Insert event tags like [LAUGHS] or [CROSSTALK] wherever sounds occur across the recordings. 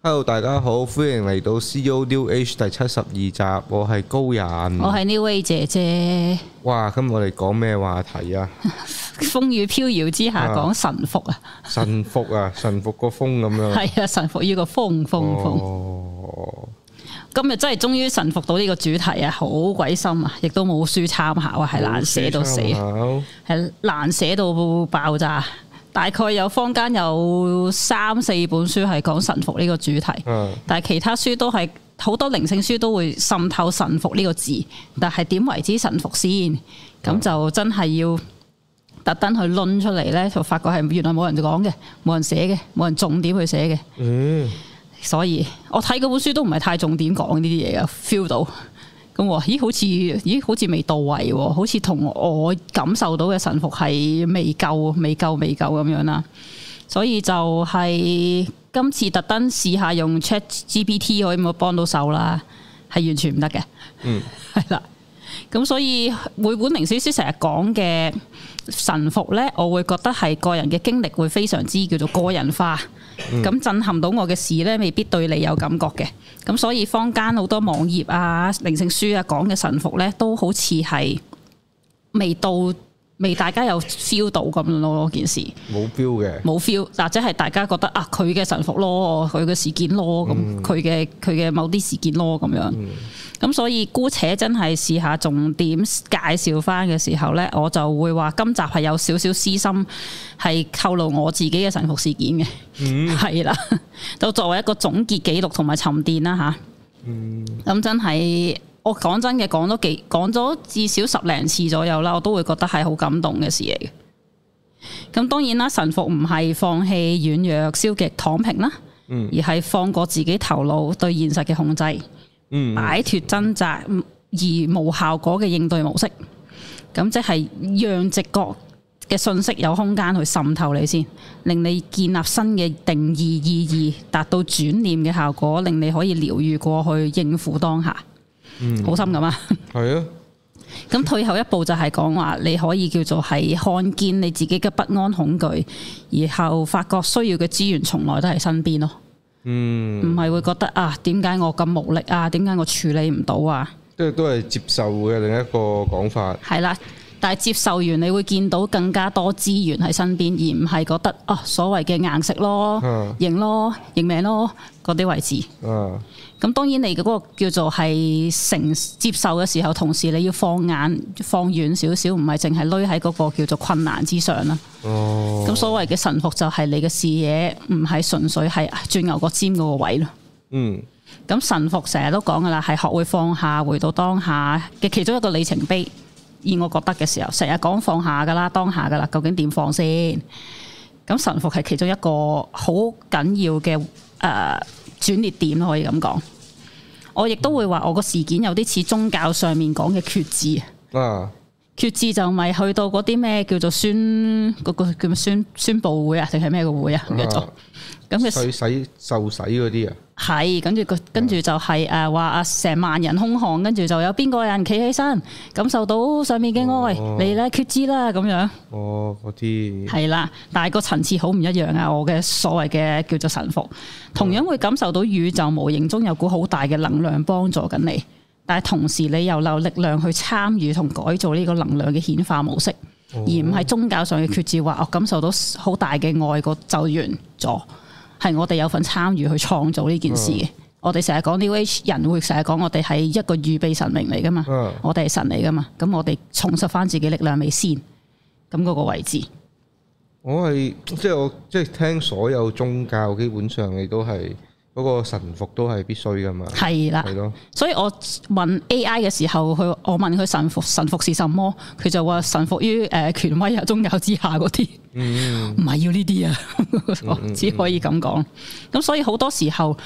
Hello，大家好，歡迎嚟到 CEO New Age 第七十二集，我係高人，我係 New Age 姐姐。哇，咁我哋講咩話題啊？ [LAUGHS] 風雨飄搖之下，講臣服啊！臣服啊，臣服個風咁樣。係啊，臣服呢個風風風。風哦、今日真係終於臣服到呢個主題啊，好鬼深啊，亦都冇書參考，係難寫到死，係難寫到，到爆炸。大概有坊間有三四本書係講臣服呢個主題，嗯、但係其他書都係好多靈性書都會滲透臣服呢個字，但係點為之臣服先？咁就真係要特登去論出嚟呢，就發覺係原來冇人講嘅，冇人寫嘅，冇人重點去寫嘅。嗯、所以，我睇嗰本書都唔係太重點講呢啲嘢呀，feel 到。咦，好似咦好似未到位喎，好似同我感受到嘅臣服係未夠未夠未夠咁樣啦，所以就係、是、今次特登試下用 Chat GPT 可唔可以幫到手啦，係完全唔得嘅。嗯，係啦。 [LAUGHS] 咁所以每本靈書書成日講嘅臣服咧，我會覺得係個人嘅經歷會非常之叫做個人化。咁、嗯、震撼到我嘅事咧，未必對你有感覺嘅，咁所以坊間好多網頁啊、靈性書啊講嘅臣服咧，都好似係未到。未大家有 feel 到咁咯件事，冇 feel 嘅，冇 feel，或者係大家覺得啊佢嘅臣服咯，佢嘅事件咯，咁佢嘅佢嘅某啲事件咯咁樣，咁、嗯、所以姑且真係試下重點介紹翻嘅時候呢，我就會話今集係有少少私心，係透露我自己嘅臣服事件嘅，係、嗯、啦，就作為一個總結記錄同埋沉澱啦吓，咁、啊、真係。我講真嘅，講咗幾講咗至少十零次左右啦，我都會覺得係好感動嘅事嚟嘅。咁當然啦，臣服唔係放棄軟弱、消極、躺平啦，嗯，而係放過自己頭腦對現實嘅控制，嗯，擺脫掙扎而無效果嘅應對模式。咁即係讓直覺嘅信息有空間去滲透你先，令你建立新嘅定義意義，達到轉念嘅效果，令你可以療癒過去，應付當下。嗯、好心咁啊，係啊。咁退後一步就係講話，你可以叫做係看見你自己嘅不安恐懼，然後發覺需要嘅資源從來都喺身邊咯。嗯，唔係會覺得啊？點解我咁無力啊？點解我處理唔到啊？即係都係接受嘅另一個講法。係啦、啊，但係接受完你會見到更加多資源喺身邊，而唔係覺得啊所謂嘅硬食咯、啊、認咯、認命咯嗰啲位置。嗯。啊咁當然你嘅嗰個叫做係承接受嘅時候，同時你要放眼放遠少少，唔係淨係攣喺嗰個叫做困難之上啦。哦，咁所謂嘅臣服就係你嘅視野唔係純粹係轉牛角尖嗰個位咯。嗯，咁臣服成日都講㗎喇，係學會放下，回到當下嘅其中一個里程碑。以我覺得嘅時候，成日講放下㗎喇，當下㗎喇，究竟點放先？咁臣服係其中一個好緊要嘅誒。呃轉折點可以咁講。我亦都會話，我個事件有啲似宗教上面講嘅決志。嗯、啊，決志就咪去到嗰啲咩叫做宣嗰個叫咩宣宣布會啊，定係咩個會啊？唔記得咗。咁佢、啊、他受洗、受洗嗰啲啊。係，跟住個跟住就係、是、誒，話阿成萬人空巷，跟住就有邊個人企起身感受到上面嘅愛，哦、你咧決志啦咁樣。哦，嗰啲係啦，但係個層次好唔一樣啊！我嘅所謂嘅叫做臣服，同樣會感受到宇宙無形中有股好大嘅能量幫助緊你，但係同時你又留力量去參與同改造呢個能量嘅顯化模式，哦、而唔係宗教上嘅決志話我感受到好大嘅愛，個就完咗。係我哋有份參與去創造呢件事嘅。啊、我哋成日講 New Age 人會成日講我哋係一個預備神明嚟噶嘛，啊、我哋係神嚟噶嘛，咁我哋重拾翻自己力量未先？咁嗰個位置。我係即係我即係、就是、聽所有宗教，基本上亦都係。嗰個臣服都係必須噶嘛？係啦，係咯。所以我問 AI 嘅時候，佢我問佢臣服，臣服是什麼？佢就話臣服於誒、呃、權威啊、宗教之下嗰啲，唔係、嗯、要呢啲啊，只可以咁講。咁、嗯嗯嗯、所以好多時候，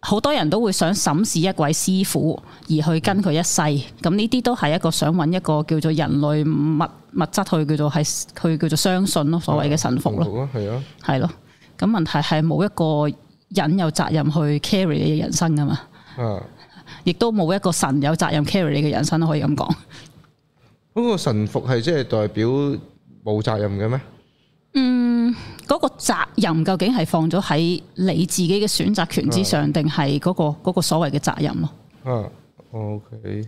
好多人都會想審視一位師傅，而去跟佢一世。咁呢啲都係一個想揾一個叫做人類物物質去叫做係，去叫做相信咯，所謂嘅臣服咯，係、哦、啊，係咯、啊。咁問題係冇一個人有責任去 carry 你嘅人生噶嘛？啊、亦都冇一個神有責任 carry 你嘅人生都可以咁講。嗰個神服係即係代表冇責任嘅咩？嗯，嗰、嗰個責任究竟係放咗喺你自己嘅選擇權之上，定係嗰個、嗰個所謂嘅責任咯？OK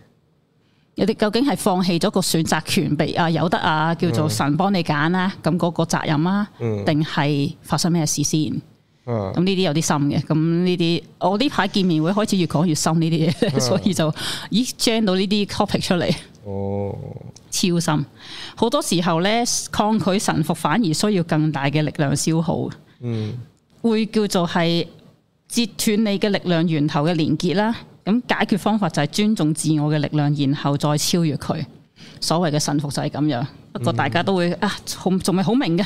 你哋究竟係放棄咗個選擇權俾啊有得啊叫做神幫你揀啦？咁嗰、嗯、個責任啊，定係發生咩事先？咁呢啲有啲深嘅，咁呢啲我呢排見面會開始越講越深呢啲嘢。 [LAUGHS] 所以就咦講到呢啲 topic 出嚟，哦，oh. 超深，好多時候咧抗拒臣服反而需要更大嘅力量消耗，嗯，mm. 會叫做係截斷你嘅力量源頭嘅連結啦，咁解決方法就係尊重自我嘅力量，然後再超越佢，所謂嘅臣服就係咁樣。不過大家都會啊，仲仲未好明嘅，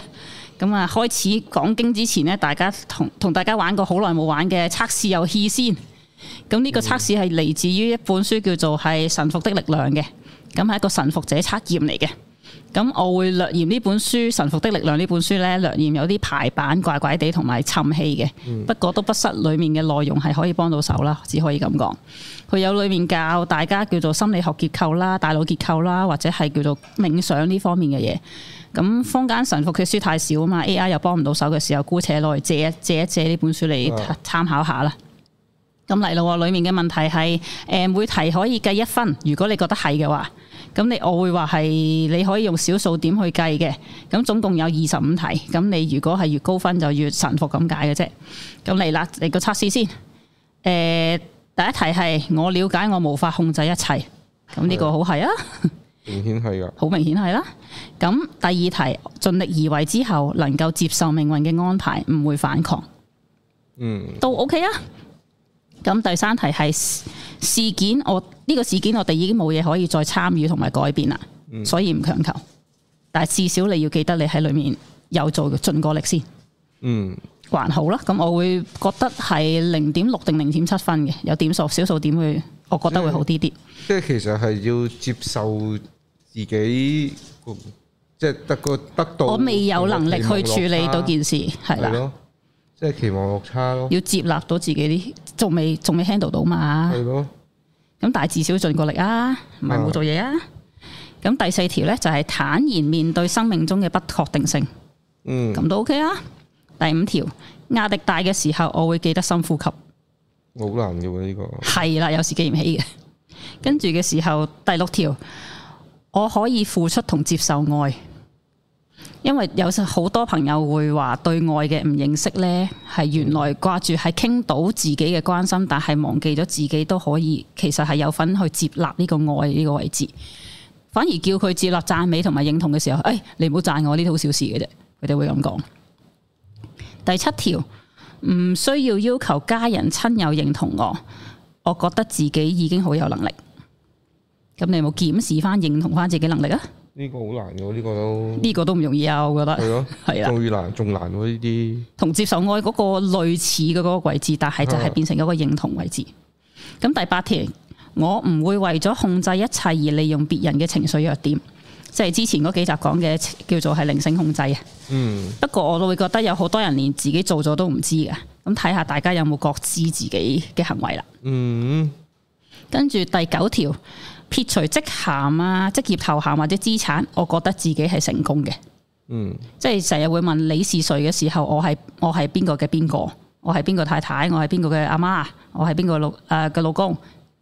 咁啊開始講經之前呢，大家同同大家玩個好耐冇玩嘅測試遊戲先。咁呢個測試係嚟自於一本書叫做係《臣服的力量的》嘅，咁係一個臣服者測驗嚟嘅。咁我會略嫌呢本書《臣服的力量》呢本書咧略嫌有啲排版怪怪地同埋沉氣嘅，不過都不失裡面嘅內容係可以幫到手啦，只可以咁講。佢有裡面教大家叫做心理學結構啦、大腦結構啦，或者係叫做冥想呢方面嘅嘢。咁坊間臣服嘅書太少啊嘛，AI 又幫唔到手嘅時候，姑且攞嚟借，借一借一借呢本書嚟參考下啦。咁嚟咯，裡面嘅問題係誒每題可以計一分，如果你覺得係嘅話。咁你我會話係你可以用小數點去計嘅，咁總共有二十五題，咁你如果係越高分就越臣服咁解嘅啫。咁嚟啦，嚟個測試先。誒、呃，第一題係我了解我無法控制一切，咁呢個好係啊，明顯係啊，好明顯係啦。咁第二題盡力而為之後，能夠接受命運嘅安排，唔會反抗。嗯，都 OK 啊。咁第三題係。事件我呢、這個事件我哋已經冇嘢可以再參與同埋改變啦，嗯、所以唔強求。但係至少你要記得你喺裏面有做嘅盡過力先，嗯，還好啦。咁我會覺得係零點六定零點七分嘅，有點數小數點會，我覺得會好啲啲。即係其實係要接受自己，即係得個得到，我未有能力去處理到件事，係啦了。即係期望落差咯，要接納到自己啲仲未仲未 handle 到嘛？係咯，咁但係至少盡過力啊，唔係冇做嘢啊。咁、啊、第四條咧就係、是、坦然面對生命中嘅不確定性。嗯，咁都 OK 啊。第五條壓力大嘅時候，我會記得深呼吸。我好難嘅呢、啊這個。係啦，有時記唔起嘅。跟住嘅時候，第六條，我可以付出同接受愛。因為有好多朋友會話對愛嘅唔認識呢，係原來掛住係傾到自己嘅關心，但係忘記咗自己都可以，其實係有份去接納呢個愛呢個位置。反而叫佢接納讚美同埋認同嘅時候，誒、哎，你唔好讚我呢套小事嘅啫，佢哋會咁講。第七條，唔需要要求家人親友認同我，我覺得自己已經好有能力。咁你有冇檢視翻認同翻自己能力啊？呢個好難嘅，呢個都呢個都唔容易啊！我覺得係咯，係啊，最難，仲難喎呢啲。同接受愛嗰個類似嘅嗰個位置，但係就係變成一個認同位置。咁第八條，我唔會為咗控制一切而利用別人嘅情緒弱點，即係之前嗰幾集講嘅叫做係靈性控制啊。嗯。不過我都會覺得有好多人連自己做咗都唔知嘅，咁睇下大家有冇覺知自己嘅行為啦。嗯。跟住第九條。撇除職銜啊、職業頭銜或者資產，我覺得自己係成功嘅。嗯，即係成日會問你是誰嘅時候，我係我係邊個嘅邊個？我係邊個太太？我係邊個嘅阿媽？我係邊個老誒嘅老公？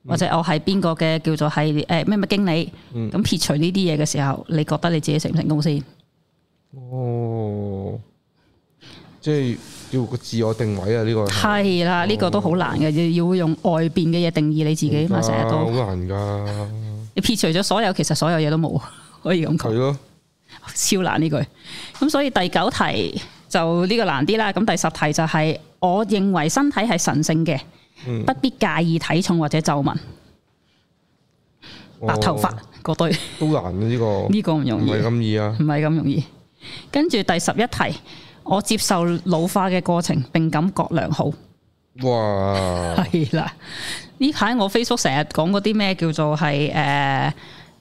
嗯、或者我係邊個嘅叫做係誒咩咩經理？咁、嗯、撇除呢啲嘢嘅時候，你覺得你自己成唔成功先？哦。即係要個自我定位啊！呢個係啦，呢個都好難嘅，要用外邊嘅嘢定義你自己嘛，成日都好難噶。你撇除咗所有，其實所有嘢都冇，可以咁講係咯，超難呢句。咁所以第九題就呢個難啲啦。咁第十題就係我認為身體係神聖嘅，不必介意體重或者皺紋、白頭髮嗰堆。都難呢個呢個唔容易，唔係咁易啊，唔係咁容易。跟住第十一題。我接受老化嘅過程，並感覺良好。哇！係啦，呢排我 Facebook 成日講嗰啲咩叫做係誒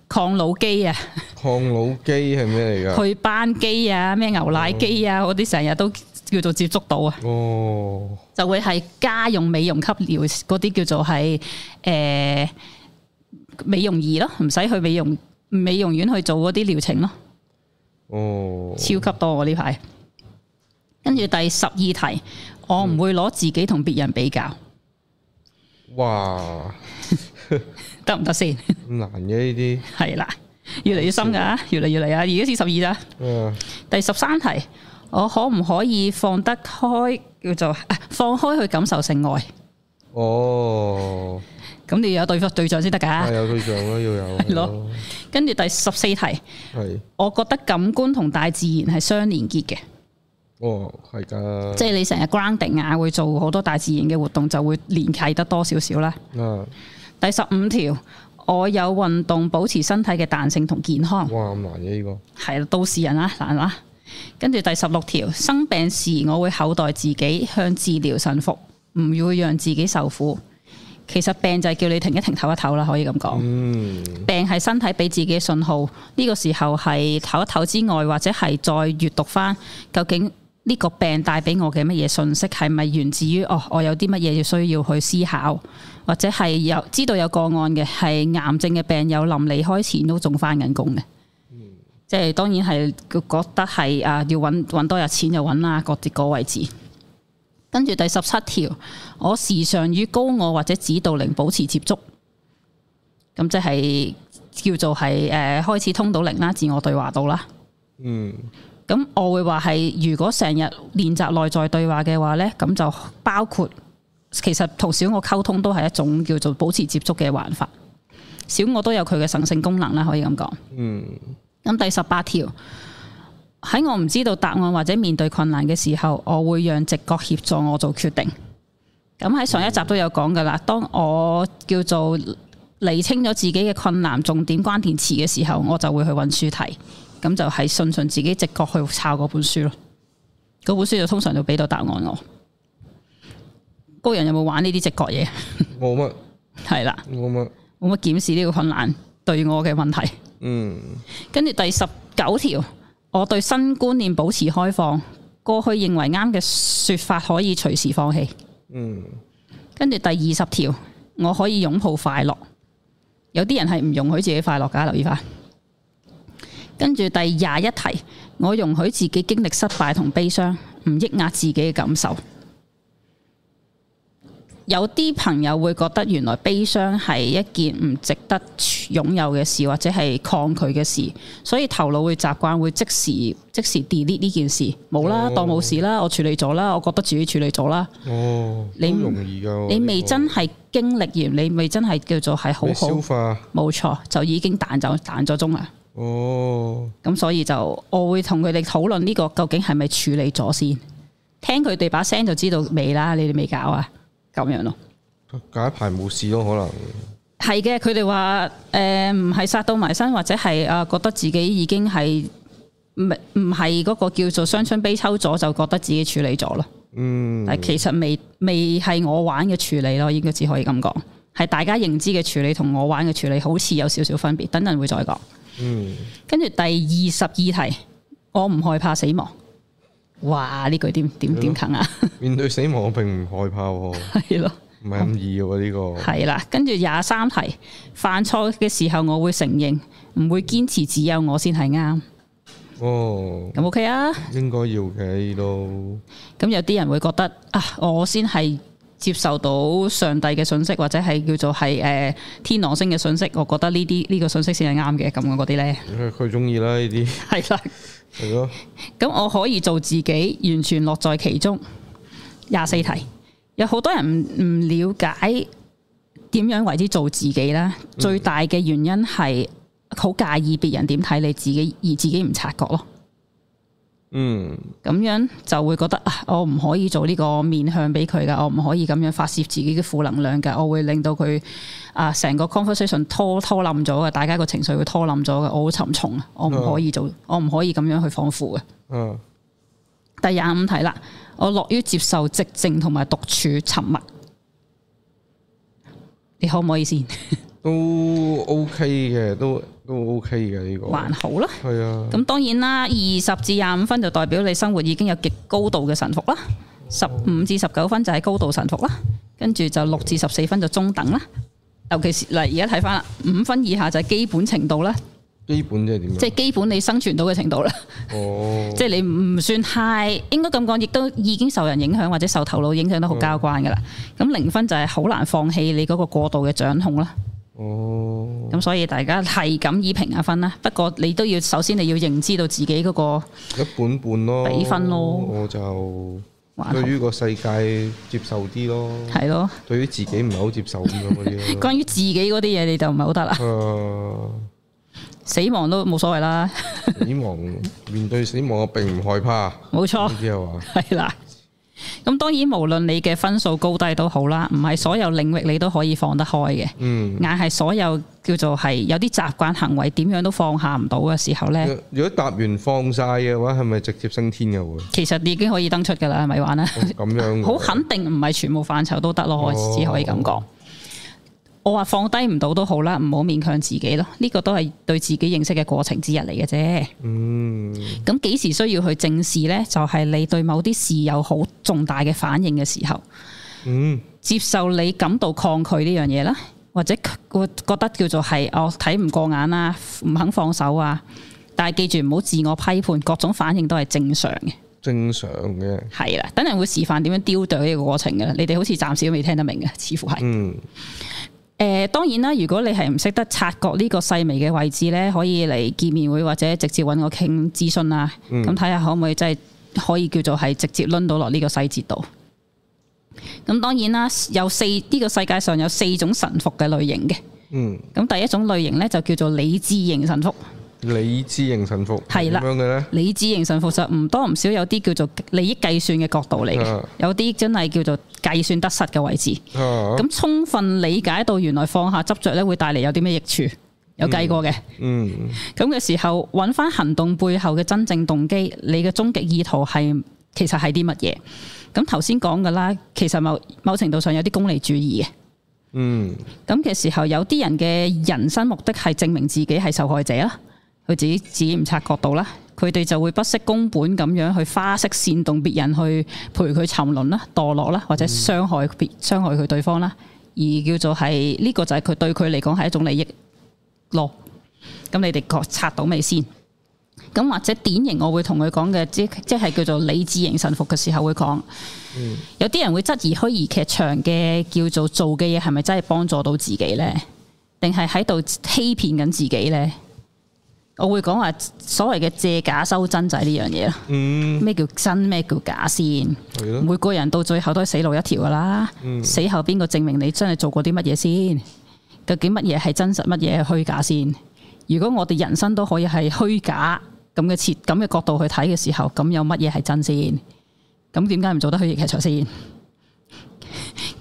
抗老肌啊？抗老肌係咩嚟噶？ [LAUGHS] 去斑機啊，咩牛奶機啊，嗰啲成日都叫做接觸到啊。哦，就會係家用美容級療嗰啲叫做係誒、呃、美容儀咯，唔使去美容美容院去做嗰啲療程咯。哦，超級多我呢排。跟住第十二題，我唔會攞自己同別人比較。哇，得唔得先？難嘅呢啲係啦，越嚟越深噶，越嚟越嚟啊！而家至十二啦。嗯。第十三題，我可唔可以放得開叫做放開去感受性愛？哦。咁你要有對方對象先得噶？有對象咯，要有。係咯。跟住第十四題，係我覺得感官同大自然係相連結嘅。哦，係噶，即係你成日 grounding 啊，會做好多大自然嘅活動，就會連繫得多少少啦。啊、第十五條，我有運動保持身體嘅彈性同健康。哇，咁難嘢呢個？係啦，都市人啦，難啦。跟住第十六條，生病時我會厚待自己，向治療臣服，唔會讓自己受苦。其實病就係叫你停一停、唞一唞啦，可以咁講。嗯，病係身體俾自己信號，呢、這個時候係唞一唞之外，或者係再閱讀翻究竟。呢個病帶俾我嘅乜嘢信息，係咪源自於哦？我有啲乜嘢要需要去思考，或者係有知道有個案嘅係癌症嘅病友臨離開前都仲返緊工嘅，嗯、即係當然係覺得係啊，要揾揾多日錢就揾啦，個、那個位置。跟住第十七條，我時常與高我或者指導靈保持接觸，咁即係叫做係誒、呃、開始通到靈啦，自我對話到啦，嗯。咁我會話係如果成日練習內在對話嘅話呢，咁就包括其實同小我溝通都係一種叫做保持接觸嘅玩法。小我都有佢嘅神聖功能啦，可以咁講。嗯。咁第十八條，喺我唔知道答案或者面對困難嘅時候，我會讓直覺協助我做決定。咁喺上一集都有講噶啦，當我叫做理清咗自己嘅困難重點關鍵詞嘅時候，我就會去揾書睇。咁就係信信自己直覺去抄嗰本書咯，嗰本書就通常就俾到答案我。高人有冇玩呢啲直覺嘢？冇乜什 [LAUGHS] 了。係啦。冇乜。冇乜檢視呢個困難對我嘅問題。嗯。跟住第十九條，我對新觀念保持開放，過去認為啱嘅說法可以隨時放棄。嗯。跟住第二十條，我可以擁抱快樂。有啲人係唔容許自己快樂噶，留意返。跟住第廿一題，我容許自己經歷失敗同悲傷，唔抑壓自己嘅感受。有啲朋友會覺得原來悲傷係一件唔值得擁有嘅事，或者係抗拒嘅事，所以頭腦會習慣會即時即時 delete 呢件事，冇啦，哦、當冇事啦，我處理咗啦，我覺得自己處理咗啦。哦，你容易噶，你未真係經歷完，哦、你未真係叫做係好好消化，冇錯，就已經彈走彈咗鐘啦。哦，咁、oh. 所以就我會同佢哋討論呢個究竟係咪處理咗先？聽佢哋把聲就知道未啦，你哋未搞啊？咁樣咯，隔一排冇事咯，可能係嘅。佢哋話誒唔係殺到埋身，或者係啊覺得自己已經係唔唔係嗰個叫做雙春悲秋咗，就覺得自己處理咗咯。嗯，mm. 但其實未未係我玩嘅處理咯，應該只可以咁講。係大家認知嘅處理同我玩嘅處理好似有少少分別，等陣會再講。嗯，跟住第二十二題，我唔害怕死亡。哇！呢句點點點啃啊？面對死亡，我並唔害怕啊。係咯，唔係咁易喎呢個。係啦，跟住廿三題，犯錯嘅時候我會承認，唔會堅持只有我先係啱。哦，咁 OK 啊？應該要嘅都。咁有啲人會覺得啊，我先係。接受到上帝嘅信息，或者係叫做係誒天狼星嘅信息，我覺得呢啲呢個信息先係啱嘅咁樣嗰啲咧。佢中意啦呢啲。係啦，係咯。咁 [LAUGHS] [LAUGHS] [LAUGHS] [LAUGHS] [LAUGHS] [LAUGHS] [LAUGHS] 我可以做自己，完全樂在其中。廿四題有好多人唔唔瞭解點樣為之做自己咧？嗯，最大嘅原因係好介意別人點睇你自己，而自己唔察覺咯。嗯，咁樣就會覺得啊，我唔可以做呢個面向俾佢噶，我唔可以咁樣發洩自己嘅負能量噶，我會令到佢啊成個 conversation 拖拖冧咗噶，大家個情緒會拖冧咗噶，我好沉重啊，我唔可，、啊、我唔可以做，我唔可以咁樣去放負嘅。嗯、啊、第廿五題啦，我樂於接受寂靜同埋獨處沉默，你可唔可以先？都 OK 嘅，都。都 OK 嘅呢個，還好啦。係啊，咁當然啦，二十至廿五分就代表你生活已經有極高度嘅臣服啦；十五至十九分就係高度臣服啦；跟住就六至十四分就中等啦。尤其是嗱，而家睇翻啦，五分以下就係基本程度啦。基本即係點？即係基本你生存到嘅程度啦。哦。即係 [LAUGHS] 你唔算太應該咁講，亦都已經受人影響或者受頭腦影響得好交關噶啦。咁零、嗯、分就係好難放棄你嗰個過度嘅掌控啦。哦，咁所以大家係咁以評下分啦。不過你都要首先你要認知到自己嗰個一半半咯，比分咯。我就對於個世界接受啲咯，係咯慌。對於自己唔係好接受咁樣啲， [LAUGHS] 關於自己嗰啲嘢，你就唔係好得啦。啊、死亡都冇所謂啦。死 [LAUGHS] 亡，面對死亡我並唔害怕。冇錯錯。係啦。咁當然，無論你嘅分數高低都好啦，唔係所有領域你都可以放得開嘅。嗯，硬係所有叫做係有啲習慣行為，點樣都放下唔到嘅時候咧。如果答完放晒嘅話，係咪直接升天嘅會？其實你已經可以登出㗎啦，係咪話咧？咁樣好 [LAUGHS] 肯定唔係全部範疇都得咯，哦、只可以咁講。我話放低唔到都好啦,唔好勉強自己咯。呢個都係對自己認識嘅過程之一嚟嘅啫。嗯。咁幾時需要去正視呢？就係、是、你對某啲事有好重大嘅反應嘅時候。嗯。接受你感到抗拒呢樣嘢啦，或者覺覺得叫做係我睇唔過眼啦，唔肯放手啊。但係記住唔好自我批判，各種反應都係正常嘅。正常嘅。係啦，等陣會示範點樣雕琢呢個過程噶啦。你哋好似暫時都未聽得明嘅，似乎係。嗯。誒、呃，當然啦，如果你係唔識得察覺呢個細微嘅位置咧，可以嚟見面會或者直接揾我傾諮詢啦，咁睇下可唔可以即係可以叫做係直接 run 到落呢個細節度。咁當然啦，有四呢、這個世界上有四種臣服嘅類型嘅，嗯，咁第一種類型咧就叫做理智型臣服。理智型臣服係啦，點樣嘅咧？理智型臣服，臣服實唔多唔少有啲叫做利益計算嘅角度嚟嘅，有啲真係叫做計算得失嘅位置。咁、啊、充分理解到原來放下執着咧，會帶嚟有啲咩益處？有計過嘅、嗯。嗯，咁嘅時候揾翻行動背後嘅真正動機，你嘅終極意圖係其實係啲乜嘢？咁頭先講㗎啦，其實某某程度上有啲功利主義嘅。嗯，咁嘅時候有啲人嘅人，人生目的係證明自己係受害者啊。佢自己自己唔察覺到啦，佢哋就會不惜工本咁樣去花式煽動別人去陪佢沉淪啦、墮落啦，或者傷害別傷害佢對方啦，而叫做係呢、這個就係佢對佢嚟講係一種利益咯。咁你哋覺察到未先？咁或者典型，我會同佢講嘅，即即係叫做理智型臣服嘅時候會講。嗯、有啲人會質疑虛擬劇場嘅叫做做嘅嘢係咪真係幫助到自己咧，定係喺度欺騙緊自己咧？我會講話所謂嘅借假修真就係呢樣嘢咯。嗯，咩叫真咩叫假先？係咯。每個人到最後都係死路一條噶啦。嗯。死後邊個證明你真係做過啲乜嘢先？究竟乜嘢係真實，乜嘢係虛假先？如果我哋人生都可以係虛假咁嘅設咁嘅角度去睇嘅時候，咁有乜嘢係真先？咁點解唔做得虛擬劇場先？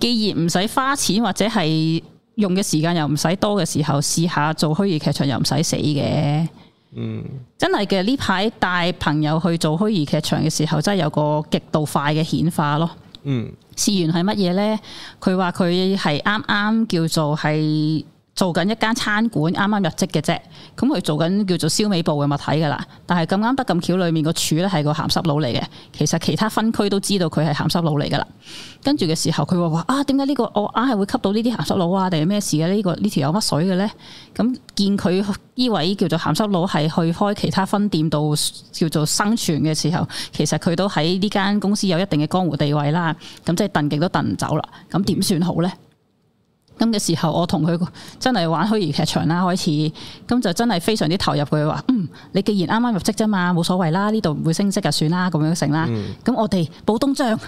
既然唔使花錢或者係用嘅時間又唔使多嘅時候，試下做虛擬劇場又唔使死嘅。嗯真，真係嘅呢排帶朋友去做虛擬劇場嘅時候，真係有個極度快嘅顯化咯。嗯，事源係乜嘢咧？佢話佢係啱啱叫做係，做緊一間餐館，啱啱入職嘅啫，咁佢做緊叫做燒味部嘅物體噶啦，但係咁啱得咁巧，裏面柱個柱咧係個鹹濕佬嚟嘅，其實其他分區都知道佢係鹹濕佬嚟噶啦。跟住嘅時候，佢話話啊，點解呢個我硬係會吸到、這個、呢啲鹹濕佬啊？定係咩事嘅？呢個呢條有乜水嘅咧？咁見佢呢位叫做鹹濕佬係去開其他分店度叫做生存嘅時候，其實佢都喺呢間公司有一定嘅江湖地位啦。咁即係掟極都掟唔走啦。咁點算好咧？咁嘅時候，我同佢真係玩虛擬劇場啦，開始咁就真係非常之投入。佢話：嗯，你既然啱啱入職啫嘛，冇所謂啦，呢度唔會升職就算啦，咁樣成啦。咁、嗯、我哋補東將。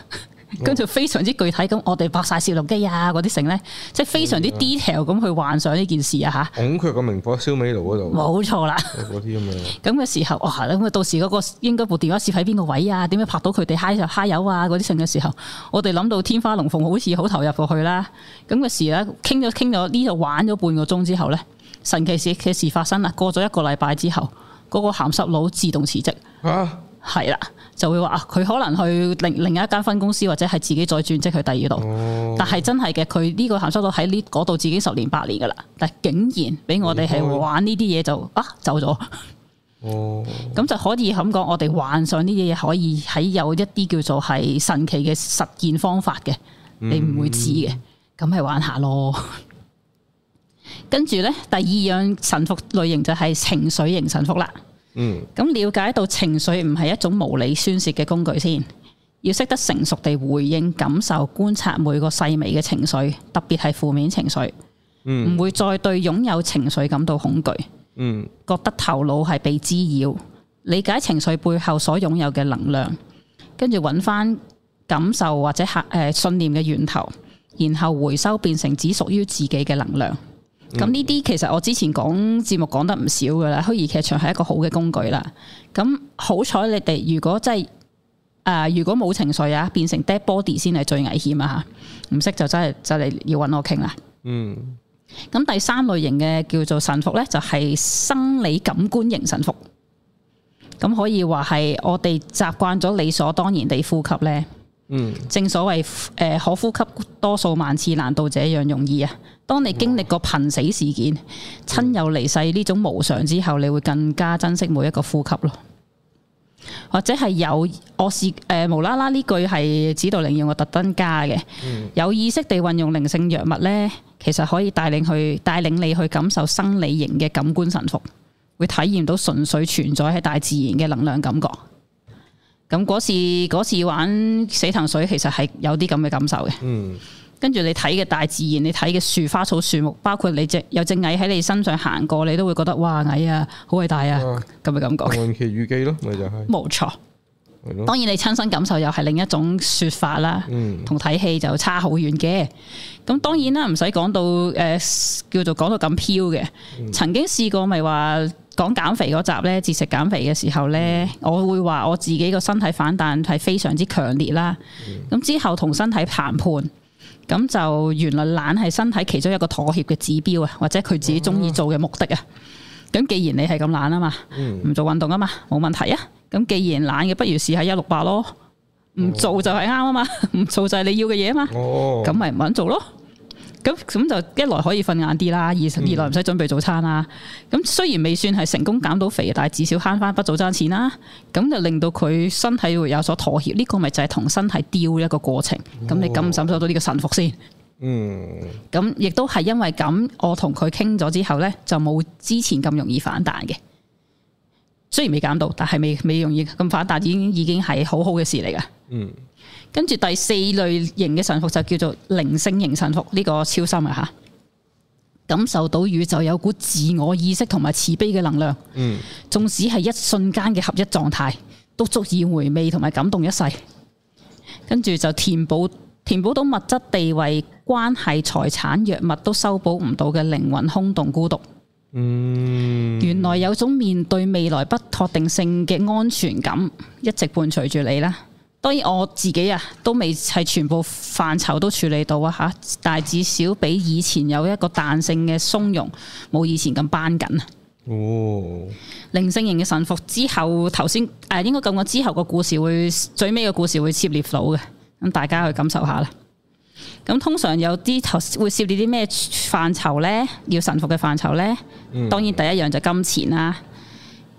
跟住、嗯、非常之具體，咁我哋拍晒攝錄機啊，嗰啲成咧，即係非常之 detail 咁去幻想呢件事啊吓，孔雀個明火燒味爐嗰度，冇錯啦。嗰啲咁樣。咁嘅 [LAUGHS] [LAUGHS] 時候，哇！咁啊，到時嗰個應該部電話攝喺邊個位啊？點樣拍到佢哋嗨就嗨油啊？嗰啲成嘅時候，我哋諗到天花龍鳳，好似好投入過去啦。咁嘅時咧，傾咗傾咗呢度玩咗半個鐘之後咧，神奇事嘅事發生啦！過咗一個禮拜之後，嗰、那個鹹濕佬自動辭職。嚇、嗯！係啦。就會話啊，佢可能去另另一間分公司，或者係自己再轉職去第二度。Oh. 但係真係嘅，佢呢個鹹濕佬喺呢度自己十年八年噶啦，但係竟然俾我哋係玩呢啲嘢就啊走咗。哦，咁就可以咁講，我哋幻想呢啲嘢可以喺有一啲叫做係神奇嘅實現方法嘅，你唔會知嘅，咁係、mm. 玩下咯。 [LAUGHS] 跟住咧，第二樣臣服類型就係情緒型臣服啦。嗯，咁了解到情緒唔係一種無理宣泄嘅工具先，要識得成熟地回應感受，觀察每個細微嘅情緒，特別係負面情緒，唔、嗯、會再對擁有情緒感到恐懼。嗯，覺得頭腦係被滋擾，理解情緒背後所擁有嘅能量，跟住揾翻感受或者客誒信念嘅源頭，然後回收變成只屬於自己嘅能量。咁呢啲其實我之前講節目講得唔少噶啦，虛擬劇場係一個好嘅工具啦。咁好彩你哋如果真係誒、呃，如果冇情緒啊，變成 dead body 先係最危險啊吓，唔識就真係就嚟要揾我傾啦。嗯。咁第三類型嘅叫做臣服咧，就係、是、生理感官型臣服。咁可以話係我哋習慣咗理所當然地呼吸咧。正所謂誒、呃，可呼吸多數萬次，難道這樣容易啊！當你經歷過瀕死事件、親友離世呢種無常之後，你會更加珍惜每一個呼吸咯。或者係有，我是誒、呃、無啦啦呢句係指導靈用我特登加嘅，有意識地運用靈性藥物呢，其實可以帶領去帶領你去感受生理型嘅感官臣服，會體驗到純粹存在喺大自然嘅能量感覺。咁嗰次玩死藤水，其實係有啲咁嘅感受嘅。嗯，跟住你睇嘅大自然，你睇嘅樹花草樹木，包括你只有隻蟻喺你身上行過，你都會覺得哇，蟻啊好偉大啊咁嘅哇感覺。《漢奇遇記》咯，咪就係、是。冇錯。當然你親身感受又係另一種說法啦，同睇戲就差好遠嘅。咁當然啦，唔使講到誒，叫做講到咁飄嘅。嗯、曾經試過咪話講減肥嗰集咧，節食減肥嘅時候咧，嗯、我會話我自己個身體反彈係非常之強烈啦。咁、嗯、之後同身體談判，咁就原來懶係身體其中一個妥協嘅指標啊，或者佢自己中意做嘅目的啊。咁、嗯嗯、既然你係咁懶啊嘛，唔做運動啊嘛，冇問題啊。咁既然懶嘅，不如試下一六八咯。唔做就係啱啊嘛，唔做就係你要嘅嘢啊嘛。咁咪唔肯做咯。咁咁就一來可以瞓晏啲啦，二、嗯、二來唔使準備早餐啦。咁雖然未算係成功減到肥，但係至少慳翻不早餐錢啦。咁就令到佢身體會有所妥協。呢、這個咪就係同身體雕一個過程。咁你感唔感受到呢個臣服先？嗯。咁亦都係因為咁，我同佢傾咗之後咧，就冇之前咁容易反彈嘅。雖然未減到，但係未，未容易咁反，但已經已經係好好嘅事嚟㗎。嗯，跟住第四類型嘅臣服就叫做靈性型臣服，呢、這個超深嘅吓，感受到宇宙有股自我意識，同埋慈悲嘅能量。嗯，縱使係一瞬間嘅合一狀態，都足以回味同埋感動一世。跟住就填補填補到物質地位關係財產藥物都修補唔到嘅靈魂空洞孤獨。嗯，原來有種面對未來不確定性嘅安全感一直伴隨住你啦。當然我自己啊都未係全部範疇都處理到啊吓，但係至少比以前有一個彈性嘅鬆容，冇以前咁繃緊啊。哦，靈性型嘅臣服之後，頭先誒應該咁我之後個故事會最尾嘅故事會涉獵到嘅，咁大家去感受下啦。咁通常有啲投會涉你啲咩範疇呢？要臣服嘅範疇呢？嗯、當然第一樣就金錢啦。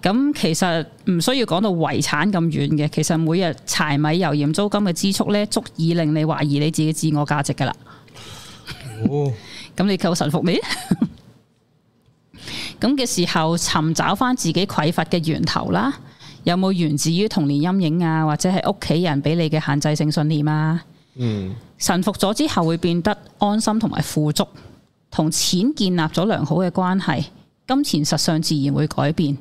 咁其實唔需要講到遺產咁遠嘅，其實每日柴米油鹽租金嘅支出呢，足以令你懷疑你自己自我價值噶啦。咁、哦、 [LAUGHS] 你夠臣服未？咁 [LAUGHS] 嘅時候，尋找翻自己匱乏嘅源頭啦。有冇源自於童年陰影啊？或者係屋企人俾你嘅限制性信念啊？嗯。臣服咗之後，會變得安心同埋富足，同錢建立咗良好嘅關係，金錢實相自然會改變。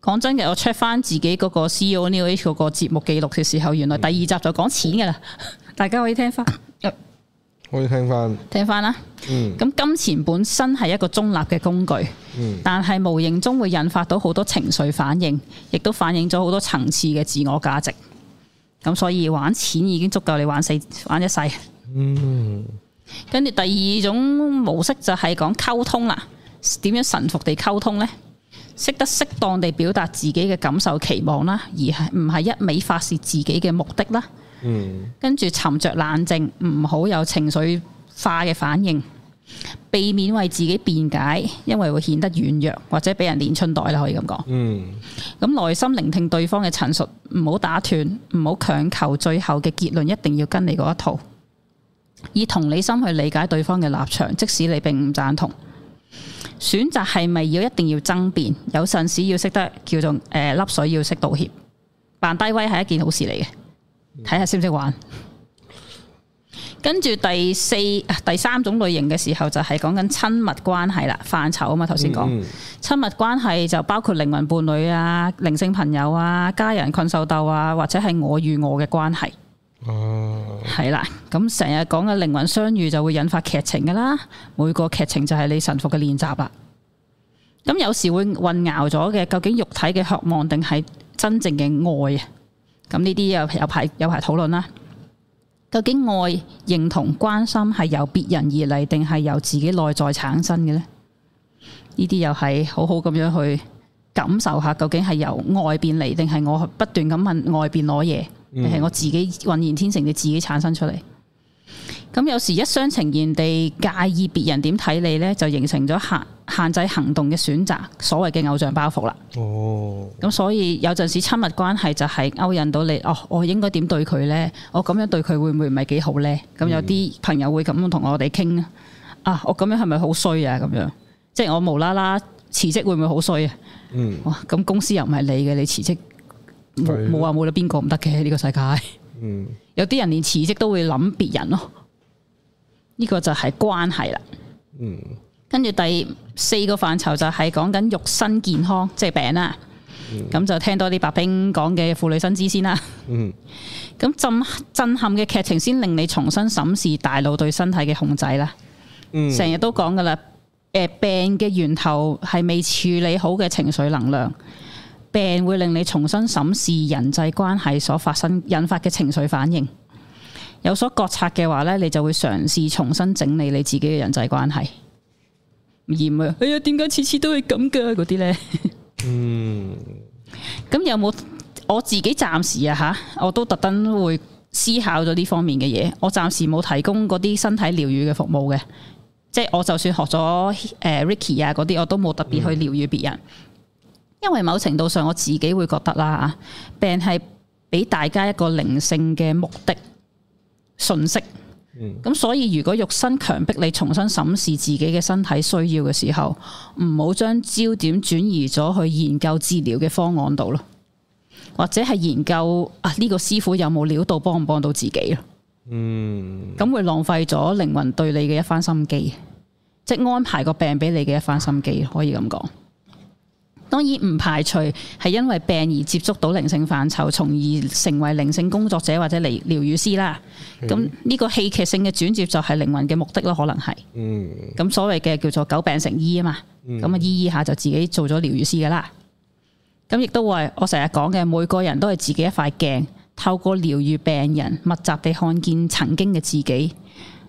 講真嘅，我 check 翻自己嗰個 CEO New Age 嗰個節目記錄嘅時候，原來第二集就講錢噶啦，大家可以聽翻，可以聽翻，聽翻啦。咁、嗯、金錢本身係一個中立嘅工具，但係無形中會引發到好多情緒反應，亦都反映咗好多層次嘅自我價值。咁所以玩錢已經足夠你玩死玩一世。跟住、嗯、第二種模式就係講溝通啦，點樣臣服地溝通呢？識得適當地表達自己嘅感受期望啦，而係唔係一味發泄自己嘅目的啦。跟住、嗯、沉着冷靜，唔好有情緒化嘅反應。避免為自己辯解，因為會顯得軟弱或者俾人連春袋啦，可以咁講。嗯，咁耐心聆聽對方嘅陳述，唔好打斷，唔好強求，最後嘅結論一定要跟你嗰一套。以同理心去理解對方嘅立場，即使你並唔讚同，選擇係咪要一定要爭辯？有陣時要識得叫做誒，甩、呃、水要識道歉，扮低威係一件好事嚟嘅。睇下識唔識玩？嗯 [LAUGHS] 跟住第四、第三種類型嘅時候，就係講緊親密關係啦，範疇啊嘛，頭先講親密關係就包括靈魂伴侶啊、靈性朋友啊、家人、困獸鬥啊，或者係我與我嘅關係。哦啵，係啦，oh，咁成日講嘅靈魂相遇就會引發劇情噶啦，每個劇情就係你臣服嘅練習啦。咁有時會混淆咗嘅，究竟肉體嘅渴望定係真正嘅愛啊？咁呢啲有有排有排討論啦。究竟愛、認同、關心係由別人而嚟，定係由自己內在產生嘅呢？呢啲又係好好咁樣去感受下，究竟係由外邊嚟，定係我不斷咁問外邊攞嘢，定係我自己渾然天成地自己產生出嚟？咁有時一廂情願地介意別人點睇你呢，就形成咗限限制行動嘅選擇，所謂嘅偶像包袱啦。哦，咁所以有陣時親密關係就係勾引到你哦，我應該點對佢呢？我咁樣對佢會唔會唔係幾好呢？咁有啲朋友會咁樣同我哋傾啊，我咁樣係咪好衰啊？咁樣即係我無啦啦辭職會唔會好衰啊？咁、嗯、哇、公司又唔係你嘅，你辭職冇冇話冇得邊個唔得嘅呢個世界？ [LAUGHS] 有啲人連辭職都會諗別人咯。呢個就係關係啦，嗯，跟住第四個範疇就係講緊肉身健康即係病啦，咁、嗯、就聽多啲白兵講嘅婦女身知先啦，嗯，咁震震撼嘅劇情先令你重新審視大腦對身體嘅控制啦，嗯，成日都講噶啦，誒、呃，病嘅源頭係未處理好嘅情緒能量，病會令你重新審視人際關係所發生引發嘅情緒反應。有所覺察嘅話咧，你就會嘗試重新整理你自己嘅人際關係。唔掂啊，哎呀，點解次次都係咁噶嗰啲咧？呢 [LAUGHS] 嗯，咁有冇我自己暫時啊？吓，我都特登會思考咗呢方面嘅嘢。我暫時冇提供嗰啲身體療癒嘅服務嘅，即係我就算學咗誒 Ricky 啊嗰啲，我都冇特別去療癒別人。嗯、因為某程度上，我自己會覺得啦，吓病係俾大家一個靈性嘅目的。信息，咁所以如果肉身強迫你重新審視自己嘅身體需要嘅時候，唔好將焦點轉移咗去研究治療嘅方案度咯，或者係研究啊呢個師傅有冇料到，幫唔幫到自己咯，嗯，咁會浪費咗靈魂對你嘅一番心機，即係安排個病俾你嘅一番心機，可以咁講。當然唔排除係因為病而接觸到靈性範疇，從而成為靈性工作者或者嚟療愈師啦。咁呢、嗯、個戲劇性嘅轉接就係靈魂嘅目的咯，可能係。嗯。咁所謂嘅叫做久病成醫啊嘛。嗯。咁啊，醫醫下就自己做咗療愈師噶啦。咁亦都係我成日講嘅，每個人都係自己一塊鏡，透過療愈病人，密集地看見曾經嘅自己，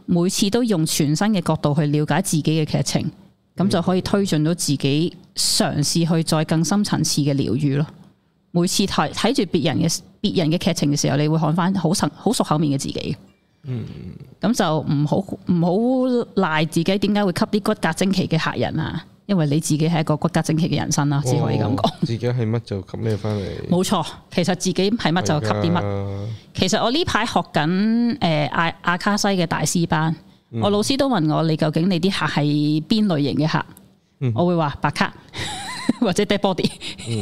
每次都用全新嘅角度去了解自己嘅劇情。咁就可以推進到自己嘗試去再更深層次嘅療愈咯。每次睇睇住別人嘅別人嘅劇情嘅時候，你會看翻好熟好熟口面嘅自己。嗯，咁就唔好唔好賴自己點解會吸啲骨骼精奇嘅客人啊？因為你自己係一個骨骼精奇嘅人生啦、啊，只可以咁講、哦。自己係乜就吸咩翻嚟，冇錯。其實自己係乜就吸啲乜。的其實我呢排學緊誒阿阿卡西嘅大師班。我老師都問我，你究竟你啲客係邊類型嘅客？嗯、我會話白卡 [LAUGHS] 或者 dead body，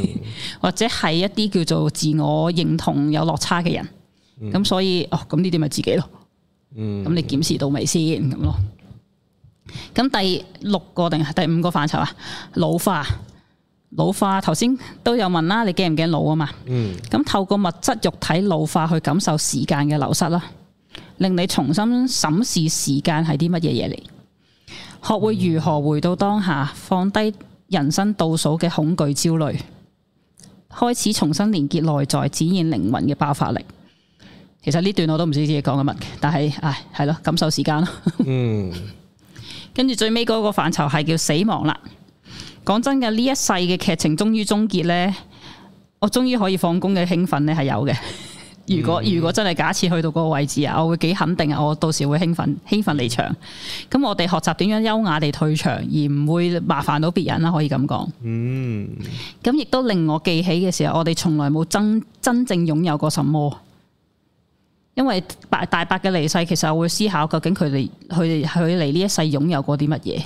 [LAUGHS] 或者係一啲叫做自我認同有落差嘅人。咁、嗯、所以哦，咁呢啲咪自己咯。咁、嗯、你檢視到未先咁咯？咁、嗯、第六個定係第五個範疇啊？老化，老化頭先都有問啦，你驚唔驚老啊嘛？咁、嗯、透過物質肉體老化去感受時間嘅流失啦。令你重新審視時間係啲乜嘢嘢嚟，學會如何回到當下，放低人生倒數嘅恐懼焦慮，開始重新連結內在，展現靈魂嘅爆發力。其實呢段我都唔知自己講緊乜，但係唉，係咯，感受時間咯。嗯，跟住最尾嗰個範疇係叫死亡啦。講真嘅，呢一世嘅劇情終於終結呢，我終於可以放工嘅興奮呢係有嘅。如果如果真係假設去到嗰個位置啊，我會幾肯定啊！我到時會興奮興奮離場。咁我哋學習點樣優雅地退場，而唔會麻煩到別人啦。可以咁講。嗯。咁亦都令我記起嘅時候，我哋從來冇真真正擁有過什麼，因為白大伯嘅離世，其實我會思考究竟佢哋佢佢嚟呢一世擁有過啲乜嘢？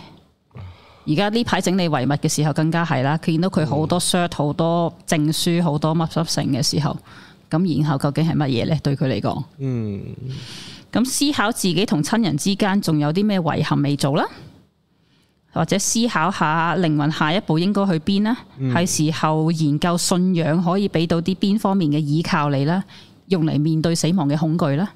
而家呢排整理遺物嘅時候，更加係啦。見到佢好多 shirt、好多證書、好多乜濕剩嘅時候。咁然後究竟係乜嘢咧？對佢嚟講，嗯，咁思考自己同親人之間仲有啲咩遺憾未做啦，或者思考下靈魂下一步應該去邊啦，係、嗯、時候研究信仰可以俾到啲邊方面嘅依靠你啦，用嚟面對死亡嘅恐懼啦。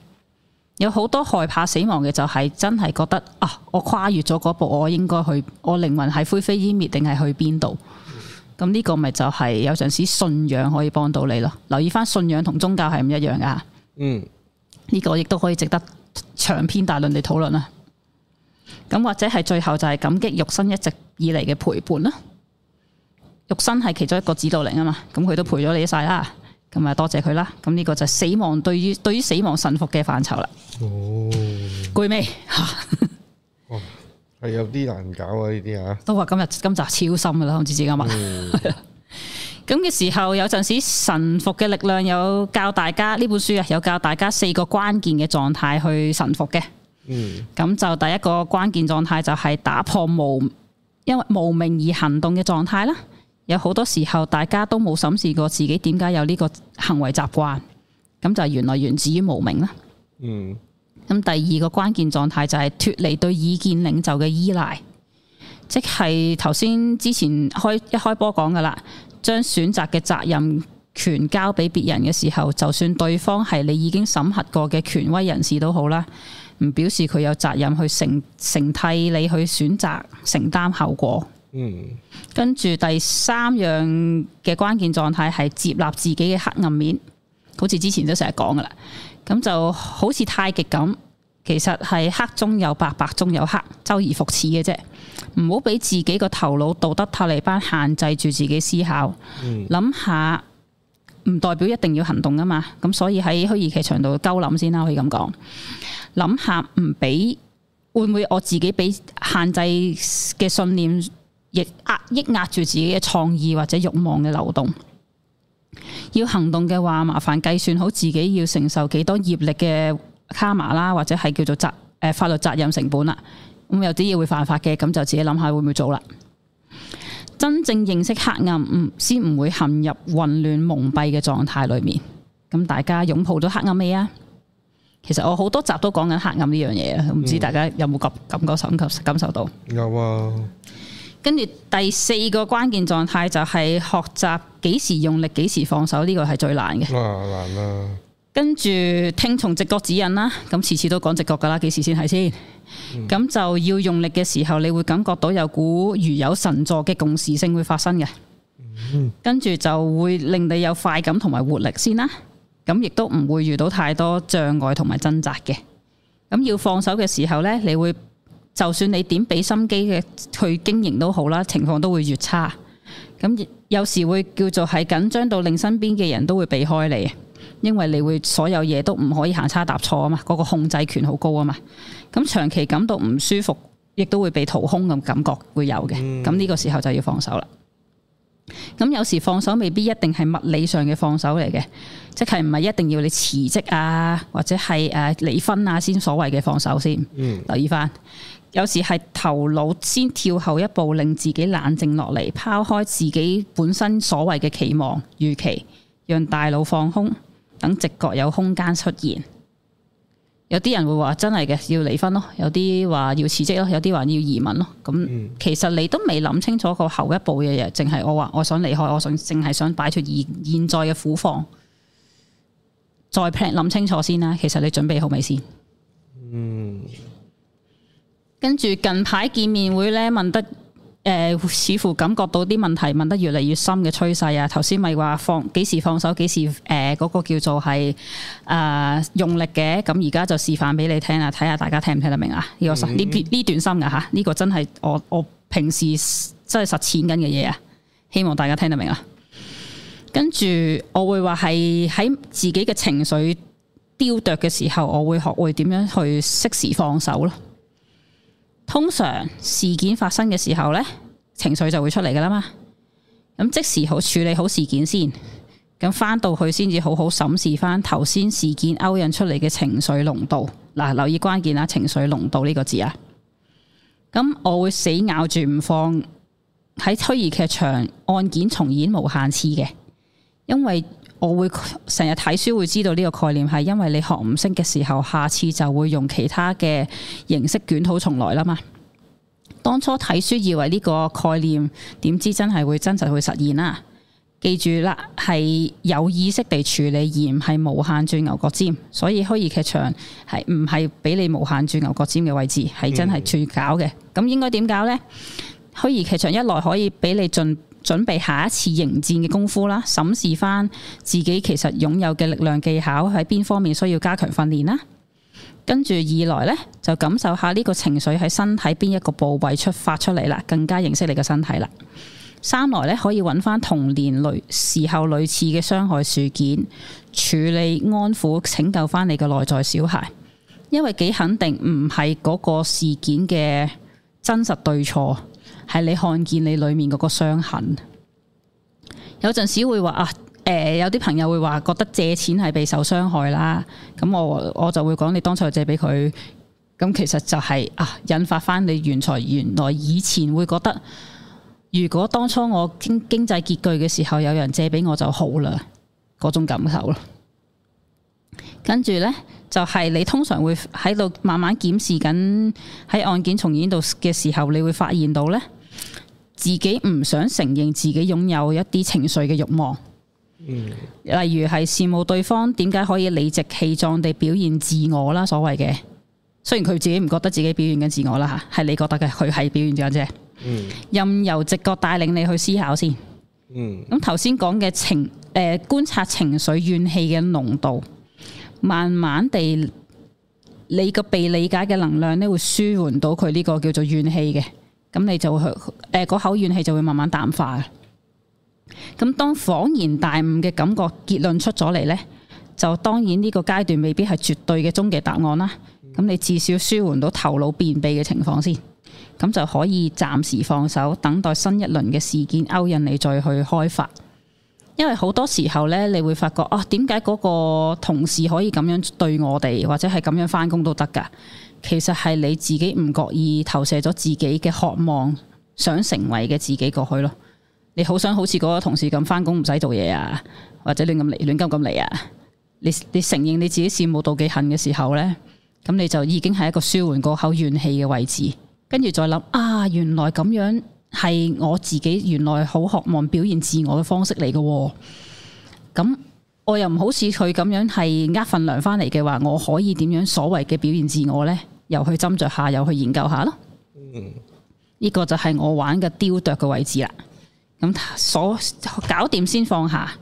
有好多害怕死亡嘅就係真係覺得啊，我跨越咗嗰步，我應該去，我靈魂係灰飛煙滅定係去邊度？咁呢個咪就係有陣時信仰可以幫到你咯，留意翻信仰同宗教係唔一樣噶，嗯，呢個亦都可以值得長篇大論地討論啦。咁或者係最後就係感激肉身一直以嚟嘅陪伴啦，肉身係其中一個指導靈啊嘛，咁佢都陪咗你晒啦，咁啊多謝佢啦，咁呢個就係死亡對於對於死亡臣服嘅範疇啦。哦，攰未了。吓、 [LAUGHS] 哦。係有啲難搞啊！呢啲啊。都話今日今集超深啦，洪子子咁話。嗯。咁嘅 [LAUGHS] 時候，有陣時臣服嘅力量有教大家呢本書啊，有教大家四個關鍵嘅狀態去臣服嘅。嗯。咁就第一個關鍵狀態就係打破無，因為無名而行動嘅狀態啦。有好多時候大家都冇審視過自己點解有呢個行為習慣，咁就原來源自於無名啦。嗯。咁第二個關鍵狀態就係脫離對意見領袖嘅依賴，即係頭先之前開一開波講㗎喇，將選擇嘅責任權交俾別人嘅時候，就算對方係你已經審核過嘅權威人士都好啦，唔表示佢有責任去承承替你去選擇、承擔後果。嗯，跟住第三樣嘅關鍵狀態係接納自己嘅黑暗面。好似之前都成日講噶啦，咁就好似太極咁，其實係黑中有白，白中有黑，周而復始嘅啫。唔好俾自己個頭腦道德塔利班限制住自己思考，諗、嗯、下唔代表一定要行動啊嘛。咁所以喺虛擬劇場度鳩諗先啦，可以咁講。諗下唔俾會唔會我自己俾限制嘅信念，亦壓抑壓住自己嘅創意或者欲望嘅流動。要行動嘅話，麻煩計算好自己要承受幾多業力嘅卡瑪啦，或者係叫做責誒、呃、法律責任成本啦。咁有啲嘢會犯法嘅，咁就自己諗下會唔會做啦。真正認識黑暗，先唔會陷入混亂蒙蔽嘅狀態裏面。咁大家擁抱咗黑暗未啊？其實我好多集都講緊黑暗呢樣嘢，唔知大家有冇感感覺、感感受到？有啊。跟住第四個關鍵狀態就係學習幾時用力，幾時放手呢，呢個係最難嘅，啊。難啦，啊，跟住聽從直覺指引啦。咁次次都講直覺噶啦，幾時先係先？咁，嗯、就要用力嘅時候，你會感覺到有股如有神助嘅共時性會發生嘅。嗯，跟住就會令你有快感同埋活力先啦，啊。咁亦都唔會遇到太多障礙同埋掙扎嘅。咁要放手嘅時候呢，你會。就算你點俾心機嘅去經營都好啦，情況都會越差。咁有時會叫做係緊張到令身邊嘅人都會避開你，因為你會所有嘢都唔可以行差踏錯啊嘛，嗰個控制權好高啊嘛。咁長期感到唔舒服，亦都會被掏空嘅感覺會有嘅。咁呢個時候就要放手啦。咁有時放手未必一定係物理上嘅放手嚟嘅，即係唔係一定要你辭職啊，或者係誒離婚啊先所謂嘅放手先。留意翻。有時係頭腦先跳後一步，令自己冷靜落嚟，拋開自己本身所謂嘅期望預期，讓大腦放空，等直覺有空間出現。有啲人會話真係嘅要離婚咯，有啲話要辭職咯，有啲話要移民咯。咁其實你都未諗清楚個後一步嘅嘢，淨係我話我想離開，我想淨係想擺脫現現在嘅苦況。再 plan 諗清楚先啦，其實你準備好未先？嗯。跟住近排見面會咧，問得誒、呃，似乎感覺到啲問題問得越嚟越深嘅趨勢啊！頭先咪話放幾時放手，幾時誒嗰、呃那個叫做係誒、呃、用力嘅，咁而家就示範俾你聽啦，睇下大家聽唔聽得明啊？呢、這個呢、嗯、段心嘅吓，呢、這個真係我我平時真係實踐緊嘅嘢啊！希望大家聽得明啊。跟住我會話係喺自己嘅情緒雕琢嘅時候，我會學會點樣去適時放手咯、啊。通常事件發生嘅時候呢，情緒就會出嚟噶啦嘛。咁即時好處理好事件先，咁返到去先至好好審視翻頭先事件勾引出嚟嘅情緒濃度。嗱、啊，留意關鍵啊，情緒濃度呢個字啊。咁我會死咬住唔放，喺推移劇場案件重演無限次嘅，因為。我會成日睇書會知道呢個概念係因為你學唔識嘅時候，下次就會用其他嘅形式捲土重來啦嘛。當初睇書以為呢個概念點知真係會真實去實現啦。記住啦，係有意識地處理，而唔係無限轉牛角尖。所以虛擬劇場係唔係俾你無限轉牛角尖嘅位置？係真係串搞嘅。咁、嗯、應該點搞呢？虛擬劇場一來可以俾你進。準備下一次迎戰嘅功夫啦，審視翻自己其實擁有嘅力量技巧喺邊方面需要加強訓練啦。跟住二來呢，就感受下呢個情緒喺身體邊一個部位出發出嚟啦，更加認識你個身體啦。三來呢，可以揾翻童年類時候類似嘅傷害事件，處理安撫拯救翻你嘅內在小孩，因為幾肯定唔係嗰個事件嘅真實對錯。係你看見你裏面嗰個傷痕，有陣時會話啊，誒、呃，有啲朋友會話覺得借錢係備受傷害啦。咁我我就會講你當初借俾佢，咁其實就係、是、啊，引發翻你原財原來以前會覺得，如果當初我經經濟拮據嘅時候有人借俾我就好啦，嗰種感受咯。跟住呢，就係、是、你通常會喺度慢慢檢視緊喺案件重演度嘅時候，你會發現到呢。自己唔想承認自己擁有一啲情緒嘅慾望，例如係羨慕對方點解可以理直氣壯地表現自我啦，所謂嘅，雖然佢自己唔覺得自己表現緊自我啦，吓，係你覺得嘅，佢係表現咗啫，嗯，任由直覺帶領你去思考先，咁頭先講嘅情，誒，呃，觀察情緒怨氣嘅濃度，慢慢地，你個被理解嘅能量咧會舒緩到佢呢個叫做怨氣嘅。咁你就去，誒、呃，嗰口怨氣就會慢慢淡化嘅。咁當恍然大悟嘅感覺結論出咗嚟，呢，就當然呢個階段未必係絕對嘅終極答案啦。咁你至少舒緩到頭腦便秘嘅情況先，咁就可以暫時放手，等待新一輪嘅事件勾引你再去開發。因為好多時候呢，你會發覺啊，點解嗰個同事可以咁樣對我哋，或者係咁樣翻工，都得噶？其實係你自己唔覺意投射咗自己嘅渴望，想成為嘅自己過去咯。你好想好似嗰個同事咁返工唔使做嘢啊，或者亂咁嚟亂鳩咁嚟啊。你你承認你自己羨慕妒忌恨嘅時候呢，咁你就已經係一個舒緩個口怨氣嘅位置，跟住再諗啊，原來咁樣係我自己原來好渴望表現自我嘅方式嚟嘅。咁我又唔好似佢咁樣係呃份糧返嚟嘅話，我可以點樣所謂嘅表現自我呢？又去斟酌下，又去研究下咯。呢、呢個就係我玩嘅雕琢嘅位置啦。咁所搞掂先放下，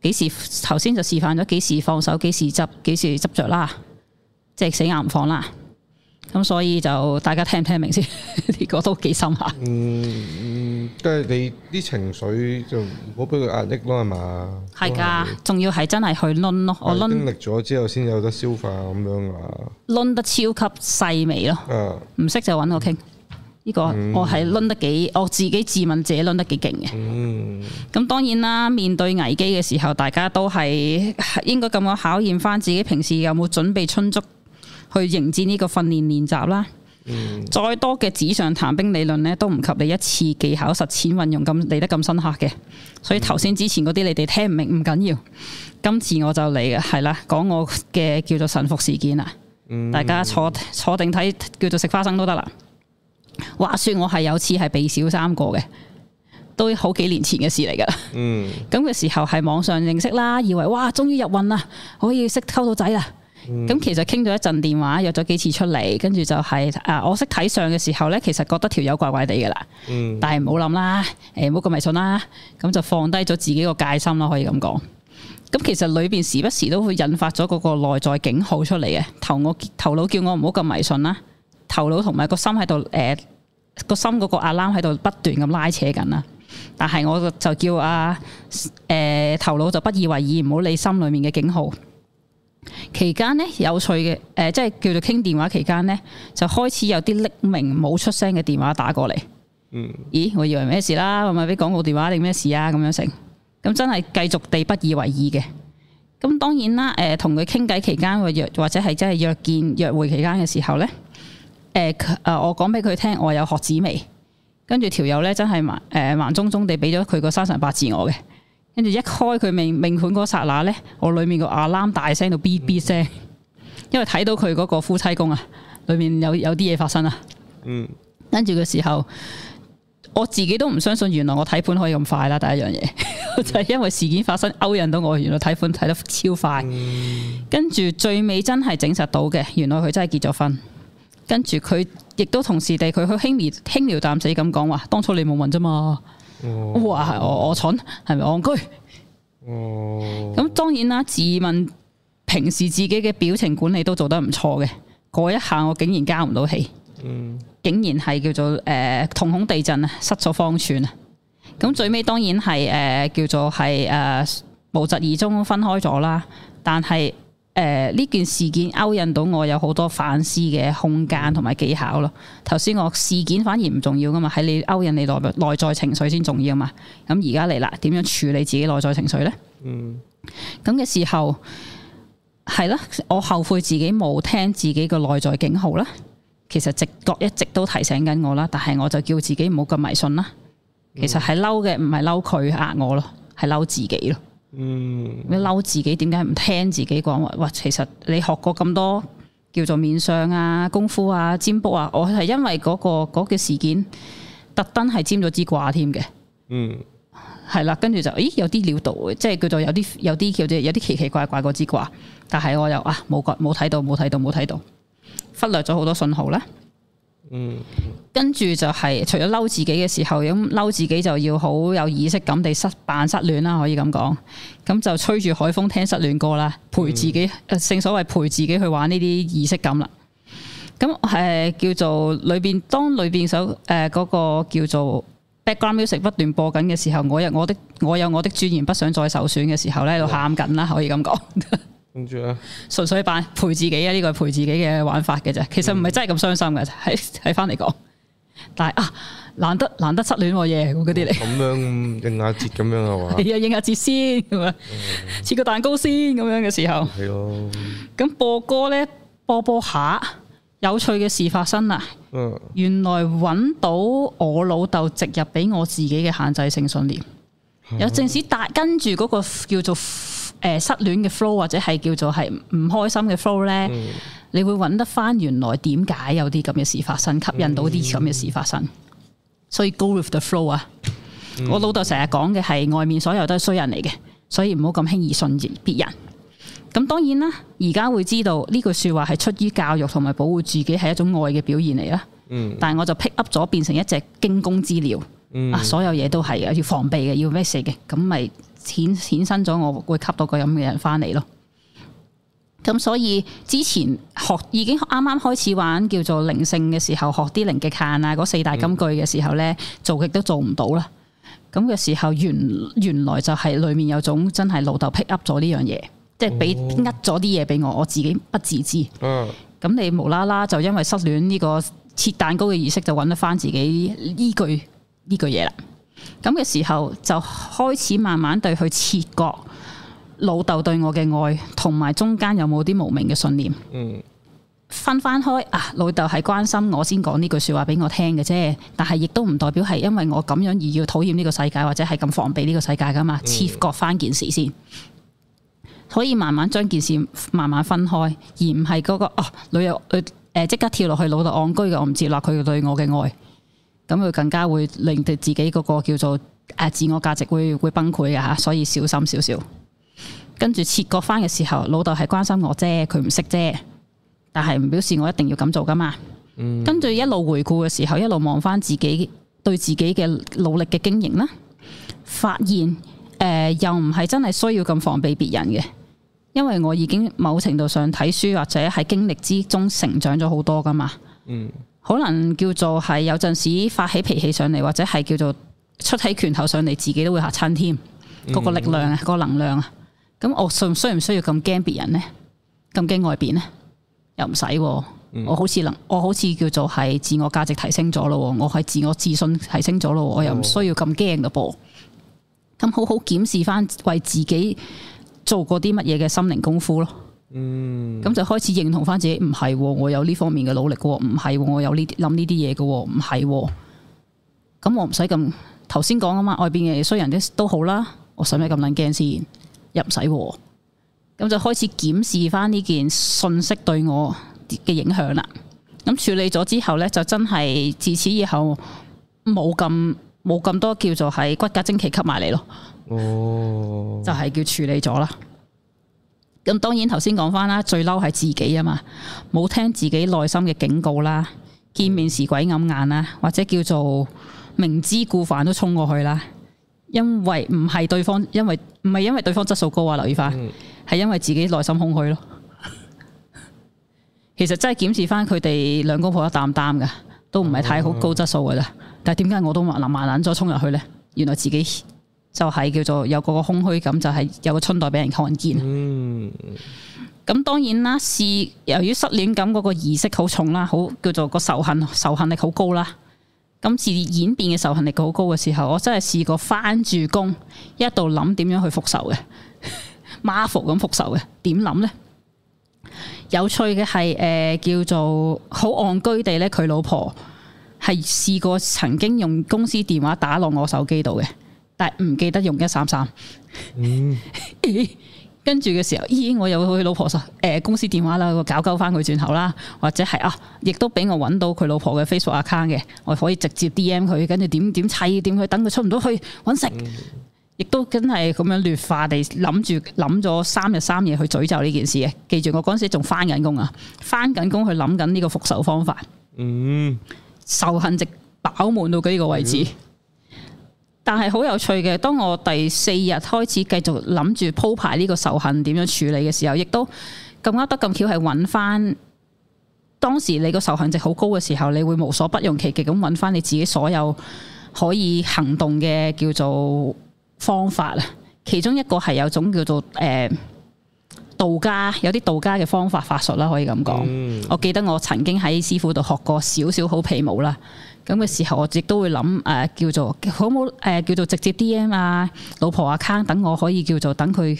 幾時頭先就示範咗幾時放手，幾時執，幾時執着啦，即係死硬唔放啦。咁所以就大家聽唔聽明先？呢 [LAUGHS] 個都幾深刻、嗯。嗯，即係你啲情緒就唔好俾佢壓抑咯，係嘛？係㗎的，仲是要係真係去攣咯。我攣經歷咗之後先有得消化咁樣啊。攣得超級細微咯。唔識、啊、就揾我傾。呢、這個我係攣得幾，嗯、我自己自問自己攣得幾勁嘅。咁、嗯、當然啦，面對危機嘅時候，大家都係應該咁樣考驗翻自己平時有冇準備充足。去迎戰呢個訓練練習啦，嗯、再多嘅紙上談兵理論咧，都唔及你一次技巧實踐運用咁嚟得咁深刻嘅。所以頭先之前嗰啲你哋聽唔明唔緊要，今次我就嚟嘅，係啦，講我嘅叫做臣服事件啊，嗯、大家坐坐定睇叫做食花生都得啦。話說我係有次係被小三過嘅，都好幾年前嘅事嚟㗎啦。咁嘅時候係網上認識啦，以為哇，終於入運啦，可以識溝到仔啦。咁、嗯、其實傾咗一陣電話，約咗幾次出嚟，跟住就係、是、誒、啊、我識睇相嘅時候咧，其實覺得條友怪怪地嘅、嗯、啦。但係唔好諗啦，誒唔好咁迷信啦，咁就放低咗自己個戒心咯，可以咁講。咁其實裏邊時不時都會引發咗嗰個內在警號出嚟嘅，頭我頭腦叫我唔好咁迷信啦，頭腦同埋個心喺度誒個心嗰個 alarm 喺度不斷咁拉扯緊啦。但係我就叫啊誒、呃、頭腦就不以為意，唔好理心裡面嘅警號。期間咧有趣嘅，誒、呃，即係叫做傾電話期間咧，就開始有啲匿名冇出聲嘅電話打過嚟。嗯，咦，我以為咩事啦，係咪俾廣告電話定咩事啊？咁樣成，咁真係繼續地不以為意嘅。咁當然啦，誒、呃，同佢傾偈期間，或約或者係真係約見約會期間嘅時候咧，誒、呃，誒、呃，我講俾佢聽我有學紫微，跟住條友咧真係誒盲中中地俾咗佢個三十八字我嘅。跟住一開佢命命盤嗰剎那咧，我裏面個阿 lam 大聲到嗶嗶聲，因為睇到佢嗰個夫妻宮啊，裏面有有啲嘢發生啊。嗯，跟住嘅時候，我自己都唔相信，原來我睇盤可以咁快啦。第一樣嘢 [LAUGHS] 就係因為事件發生勾引到我，原來睇盤睇得超快。跟住最尾真係證實到嘅，原來佢真係結咗婚。跟住佢亦都同時地，佢佢輕描輕描淡寫咁講話，當初你冇問啫嘛。哇！係我我蠢，係咪戇居？哦，咁當然啦，自問平時自己嘅表情管理都做得唔錯嘅，嗰一下我竟然加唔到氣，嗯，竟然係叫做誒、呃、瞳孔地震啊，失咗方寸啊，咁最尾當然係誒、呃、叫做係誒無疾而終分開咗啦，但係。誒，呢、呃、件事件勾引到我有好多反思嘅空間同埋技巧咯。頭先我事件反而唔重要噶嘛，喺你勾引你內內在情緒先重要啊嘛。咁而家嚟啦，點樣處理自己內在情緒呢？嗯，咁嘅時候係啦，我後悔自己冇聽自己嘅內在警號啦。其實直覺一直都提醒緊我啦，但係我就叫自己唔好咁迷信啦。其實係嬲嘅，唔係嬲佢呃我咯，係嬲自己咯。嗯，你嬲自己？點解唔聽自己講話？哇，其實你學過咁多叫做面相啊、功夫啊、占卜啊，我係因為嗰個嗰個事件特登係占咗支卦添嘅。嗯，係啦，跟住就，咦，有啲料到即係叫做有啲有啲叫做有啲奇奇怪怪嗰支卦，但係我又啊，冇覺冇睇到，冇睇到，冇睇到，忽略咗好多信號啦。嗯，跟住就係、是、除咗嬲自己嘅時候，咁嬲自己就要好有儀式感咁地失扮失戀啦，可以咁講。咁就吹住海風聽失戀歌啦，陪自己，誒、嗯，正所謂陪自己去玩呢啲儀式感啦。咁誒、呃，叫做裏邊當裏邊首誒嗰個叫做 Background Music 不斷播緊嘅時候，我有我的我有我的尊嚴，不想再受損嘅時候咧，喺度喊緊啦，可以咁講。 [LAUGHS] 跟住咧，純粹扮陪自己啊！呢個係陪自己嘅玩法嘅啫，其實唔係真係咁傷心嘅，睇睇翻嚟講。但係啊，難得難得失戀嘢嗰啲嚟。咁樣應下節咁樣係嘛？應下節先，係嘛？切個蛋糕先，咁樣嘅時候。係咯。咁播歌咧，播播下，有趣嘅事發生啦。嗯、原來揾到我老豆植入俾我自己嘅限制性信念，嗯嗯、有正史達跟住嗰個叫做。誒、呃、失戀嘅 flow 或者係叫做係唔開心嘅 flow 咧、嗯，你會揾得翻原來點解有啲咁嘅事發生，吸引到啲咁嘅事發生，嗯、所以 go with the flow 啊！嗯、我老豆成日講嘅係外面所有都係衰人嚟嘅，所以唔好咁輕易信別人。咁當然啦，而家會知道呢句説話係出於教育同埋保護自己係一種愛嘅表現嚟啦。嗯、但係我就 pick up 咗變成一隻驚弓之鳥。啊、嗯、所有嘢都係啊要防備嘅，要咩死嘅咁咪。衍生咗，我會吸到個咁嘅人翻嚟咯。咁所以之前學已經啱啱開始玩叫做靈性嘅時候，學啲靈極限啊，嗰四大金句嘅時候呢，嗯、做極都做唔到啦。咁嘅時候原原來就係裏面有種真係老豆 pick up 咗呢樣嘢，即係俾呃咗啲嘢俾我，我自己不自知。嗯，咁你無啦啦就因為失戀呢個切蛋糕嘅儀式，就揾得翻自己依句呢句嘢啦。咁嘅時候就開始慢慢對佢切割老豆對我嘅愛，同埋中間有冇啲無名嘅信念，嗯、分翻開啊，老豆係關心我先講呢句說話俾我聽嘅啫，但係亦都唔代表係因為我咁樣而要討厭呢個世界，或者係咁防備呢個世界噶嘛。切割翻件事先，嗯、可以慢慢將件事慢慢分開，而唔係嗰個哦，女友誒即刻跳落去老豆戇居嘅，我唔接納佢對我嘅愛。咁佢更加會令到自己嗰個叫做誒、啊、自我價值會會崩潰嘅吓，所以小心少少。跟住切割翻嘅時候，老豆係關心我啫，佢唔識啫，但係唔表示我一定要咁做噶嘛。嗯，跟住一路回顧嘅時候，一路望翻自己對自己嘅努力嘅經營啦，發現誒、呃、又唔係真係需要咁防備別人嘅，因為我已經某程度上睇書或者喺經歷之中成長咗好多噶嘛。嗯。可能叫做係有陣時發起脾氣上嚟，或者係叫做出喺拳頭上嚟，自己都會吓親添。嗰、嗯、個力量啊，嗰、嗯、個能量啊，咁、嗯、我需需唔需要咁驚別人呢？咁驚外邊呢？又唔使，啊。嗯、我好似能，我好似叫做係自我價值提升咗咯。我係自我自信提升咗咯。我又唔需要咁驚嘅噃。咁、嗯、好好檢視翻為自己做過啲乜嘢嘅心靈功夫咯。嗯，咁就開始認同翻自己，哦，唔係我有呢方面嘅努力嘅，哦，唔係，哦，我有呢啲諗呢啲嘢嘅，唔係、哦，咁，哦，我唔使咁頭先講啊嘛，外邊嘅衰人啲都好啦，我使唔使咁撚驚先？又唔使、哦，咁就開始檢視翻呢件信息對我嘅影響啦。咁處理咗之後咧，就真係自此以後冇咁冇咁多叫做係骨骼精奇吸埋嚟咯。哦，就係叫處理咗啦。咁當然頭先講翻啦，最嬲係自己啊嘛，冇聽自己內心嘅警告啦，見面時鬼暗眼啦，或者叫做明知故犯都衝過去啦，因為唔係對方，因為唔係因為對方質素高啊，劉雨花，係因為自己內心空虛咯。其實真係檢視翻佢哋兩公婆一擔擔嘅，都唔係太好高質素嘅啦。但係點解我都慢撚慢撚咗衝入去呢？原來自己。就係叫做有嗰個空虛感，就係、是、有個春袋俾人看見。嗯，咁當然啦，是由於失戀感嗰個儀式好重啦，好叫做個仇恨仇恨力好高啦。咁自演變嘅仇恨力好高嘅時候，我真係試過翻住工，一度諗點樣去復仇嘅 Marvel 咁復仇嘅，點諗呢？有趣嘅係誒，叫做好戇居地咧，佢老婆係試過曾經用公司電話打落我手機度嘅。唔記得用一三三，跟住嘅時候，咦，我有佢老婆嘅、呃，公司電話啦，我搞鳩翻佢轉頭啦，或者係啊，亦都俾我揾到佢老婆嘅 Facebook account 嘅，我可以直接 DM 佢，跟住點點砌點佢，等佢出唔到去揾食，嗯、亦都真係咁樣劣化地諗住諗咗三日三夜去詛咒呢件事嘅。記住我嗰陣時仲翻緊工啊，翻緊工去諗緊呢個復仇方法，嗯、仇恨值飽滿到佢呢個位置。嗯嗯。但係好有趣嘅，當我第四日開始繼續諗住鋪排呢個仇恨點樣處理嘅時候，亦都咁啱得咁巧，係揾翻當時你個仇恨值好高嘅時候，你會無所不用其極咁揾翻你自己所有可以行動嘅叫做方法啊。其中一個係有種叫做誒、呃、道家，有啲道家嘅方法法術啦，可以咁講。我記得我曾經喺師傅度學過少少好皮毛啦。咁嘅時候我，我亦都會諗誒叫做好唔好誒叫做直接 DM 啊老婆 account，等我可以叫做等佢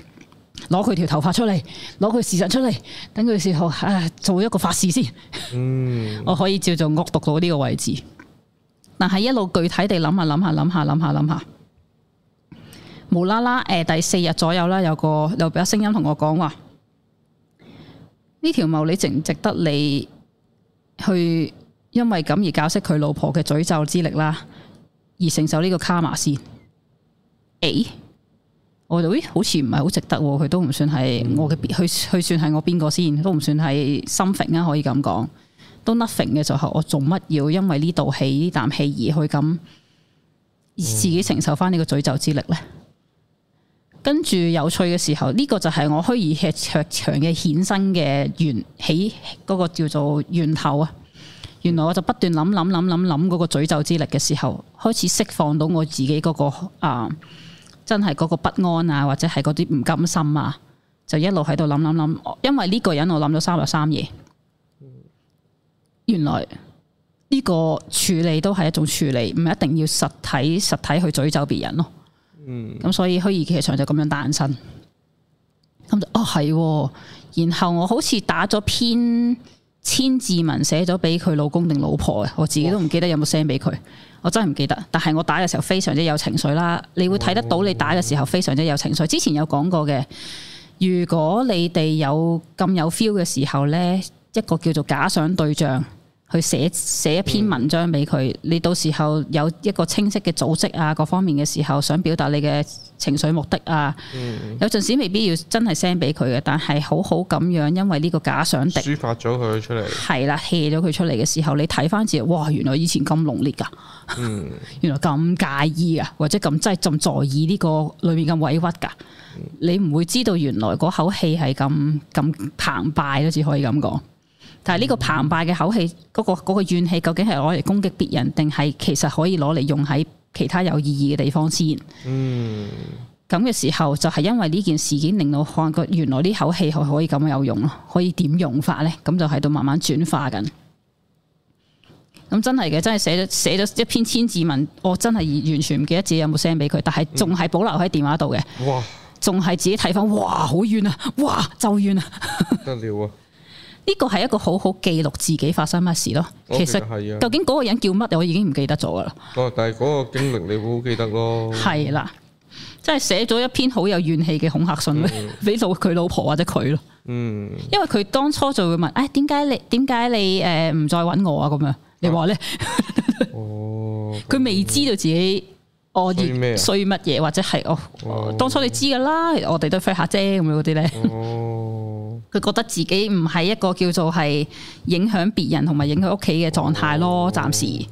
攞佢條頭髮出嚟，攞佢事實出嚟，等佢時候啊、呃、做一個法事先。嗯，我可以叫做惡毒到呢個位置，但係一路具體地諗下諗下諗下諗下諗下，無啦啦誒第四日左右啦，有一個有，一個，有一個聲音同我講話，呢條毛你值唔值得你去？因為咁而教識佢老婆嘅詛咒之力啦，而承受呢個卡瑪先。誒、欸，我覺得咦，好似唔係好值得喎。佢都唔算係我嘅，佢算係我邊個先？都唔算係 nothing 啊，可以咁講，都 nothing 嘅時候，我做乜要因為呢道氣呢啖氣而去咁，而自己承受翻呢個詛咒之力咧？嗯、跟住有趣嘅時候，呢、這個就係我虛擬劇劇場嘅衍生嘅源起，嗰、那個叫做源頭啊。原來我就不斷諗諗諗諗諗嗰個詛咒之力嘅時候，開始釋放到我自己嗰、嗰個啊、呃，真係嗰個不安啊，或者係嗰啲唔甘心啊，就一路喺度諗諗諗。因為呢個人我諗咗三日三夜。原來呢個處理都係一種處理，唔一定要實體實體去詛咒別人咯。咁、嗯、所以虛擬劇場就咁樣誕生。咁就哦係、哦，然後我好似打咗篇千字文寫咗俾佢老公定老婆嘅，我自己都唔記得有冇 send 俾佢，我真係唔記得。但係我打嘅時候非常之有情緒啦，你會睇得到你打嘅時候非常之有情緒。之前有講過嘅，如果你哋有咁有 feel 嘅時候咧，一個叫做假想對象。去寫寫一篇文章俾佢，嗯、你到時候有一個清晰嘅組織啊，各方面嘅時候想表達你嘅情緒目的啊。嗯、有陣時未必要真係 send 俾佢嘅，但係好好咁樣，因為呢個假想敵抒發咗佢出嚟，係啦 hea 咗佢出嚟嘅時候，你睇翻字，哇，原來以前咁濃烈噶、啊，嗯、 [LAUGHS] 原來咁介意啊，或者咁真係咁在意呢個裏面嘅委屈噶、啊，嗯、你唔會知道原來嗰口氣係咁咁澎湃咯，只可以咁講。但係呢個澎湃嘅口氣，嗰、嗰個、嗰個怨氣，究竟係攞嚟攻擊別人，定係其實可以攞嚟用喺其他有意義嘅地方先？嗯，咁嘅時候就係、是、因為呢件事件令到看個原來呢口氣可可以咁有用咯，可以點用法咧？咁就喺度慢慢轉化緊。咁真係嘅，真係寫咗寫咗一篇千字文，我真係完全唔記得自己有冇 send 俾佢，但係仲係保留喺電話度嘅、嗯。哇！仲係自己睇翻，哇，好冤啊！哇，就冤啊！得了啊！ [LAUGHS] 呢個係一個好好記錄自己發生乜事咯。Okay, 其實係啊，究竟嗰個人叫乜？我已經唔記得咗噶啦。哦，但係嗰個經歷你會好記得咯。係 [LAUGHS] 啦，即係寫咗一篇好有怨氣嘅恐嚇信俾到佢老婆或者佢咯。嗯，因為佢當初就會問，哎，點解你點解你誒唔再揾我啊？咁樣，你話咧？ [LAUGHS] 哦，佢 [LAUGHS] 未知道自己。我咩？衰乜嘢或者係哦，哦當初你知噶啦，哦、我哋都 fit 下啫咁樣嗰啲咧。佢、哦、覺得自己唔係一個叫做係影響別人同埋影響屋企嘅狀態咯，哦、暫時。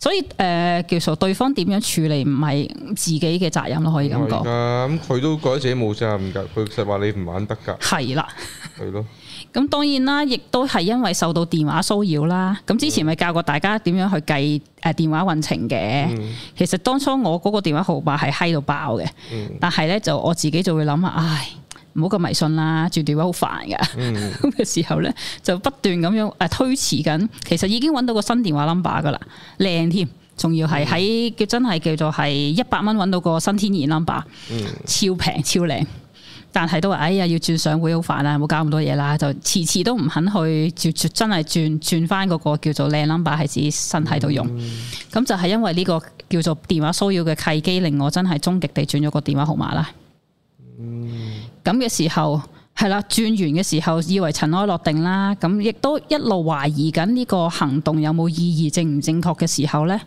所以誒、呃，叫做對方點樣處理唔係自己嘅責任咯，可以咁講。咁佢都覺得自己冇責任㗎，佢實話你唔玩得㗎。係啦的，係咯了。咁 [LAUGHS] 當然啦，亦都係因為受到電話騷擾啦。咁之前咪教過大家點樣去計誒電話運程嘅。嗯、其實當初我嗰個電話號碼係嗨到爆嘅，嗯、但係咧就我自己就會諗啊，唉。唔好咁迷信啦，轉電話好煩噶。咁嘅、嗯、 [LAUGHS] 時候咧，就不斷咁樣誒推遲緊。其實已經揾到個新電話 number 噶啦，靚添，仲要係喺叫真係叫做係一百蚊揾到個新天然 number、嗯、超平超靚。但係都話哎呀，要轉上會好煩啦，唔好搞咁多嘢啦，就次次都唔肯去轉，真係轉轉翻嗰個叫做靚 number 係自己身喺度用。咁、嗯、就係因為呢個叫做電話騷擾嘅契機，令我真係終極地轉咗個電話號碼啦。咁嘅、嗯、時候係啦，轉完嘅時候以為塵埃落定啦，咁亦都一路懷疑緊呢個行動有冇意義正唔正確嘅時候咧，誒、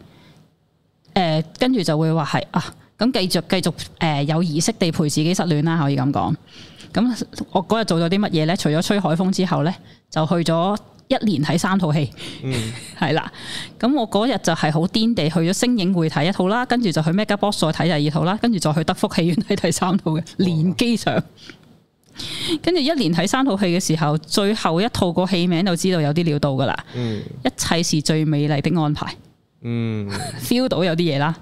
呃，跟住就會話係啊，咁繼續繼續誒、呃，有儀式地陪自己失戀啦，可以咁講。咁我嗰日做咗啲乜嘢咧？除咗吹海風之後咧，就去咗。一年睇三套戲，係啦、嗯，咁 [LAUGHS] 我嗰日就係好癲地去咗星影匯睇一套啦，跟住就去 MegaBox 再睇第二套啦，跟住再去德福戲院睇第三套嘅連機場。跟住哇 [LAUGHS] 一年睇三套戲嘅時候，最後一套個戲名就知道有啲料到噶啦，嗯、一切是最美麗的安排，嗯，feel [LAUGHS] 到有啲嘢啦。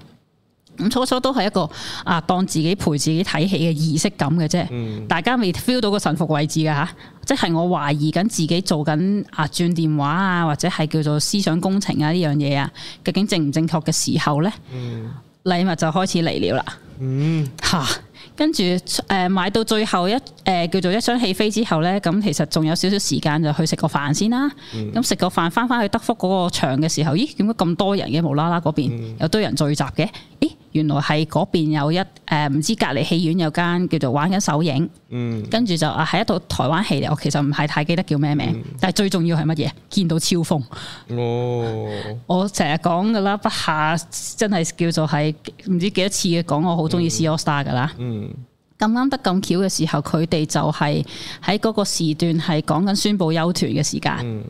咁初初都係一個啊，當自己陪自己睇戲嘅儀式感嘅啫，嗯、大家未 feel 到個臣服位置嘅吓、啊，即係我懷疑緊自己做緊啊轉電話啊，或者係叫做思想工程啊呢樣嘢啊，究竟正唔正確嘅時候咧，禮、嗯、物就開始嚟了啦。吓、嗯，跟住誒買到最後一誒、呃、叫做一箱戲飛之後咧，咁其實仲有少少時間就去食個飯先啦、啊。咁食、嗯、個飯翻翻去德福嗰個場嘅時候，咦？點解咁多人嘅？無啦啦嗰邊有堆人聚集嘅？咦？原來係嗰邊有一誒唔、呃、知隔離戲院有間叫做玩緊首映，嗯，跟住就啊係一套台灣戲嚟，我其實唔係太記得叫咩名，嗯、但係最重要係乜嘢，見到超風。哦， [LAUGHS] 我成日講噶啦，不下真係叫做係唔知幾多次嘅講，我好中意 C All Star 噶啦。嗯，咁啱得咁巧嘅時候，佢哋就係喺嗰個時段係講緊宣佈休團嘅時間。嗯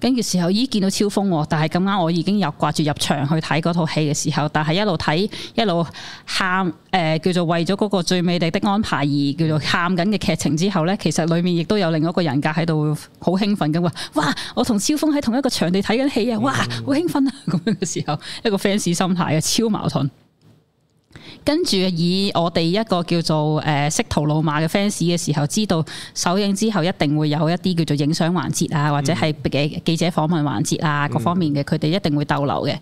跟住時候，已經見到超風喎，但係咁啱我已經又掛住入場去睇嗰套戲嘅時候，但係一路睇一路喊，誒、呃、叫做為咗嗰個最美麗的安排而叫做喊緊嘅劇情之後咧，其實裏面亦都有另一個人格喺度好興奮咁話：哇！我同超風喺同一個場地睇緊戲啊！哇，好興奮啊！咁樣嘅時候，一個 fans 心態嘅超矛盾。跟住以我哋一個叫做誒識途老馬嘅 fans 嘅時候，知道首映之後一定會有一啲叫做影相環節啊，或者係記者訪問環節啊，各方面嘅佢哋一定會逗留嘅。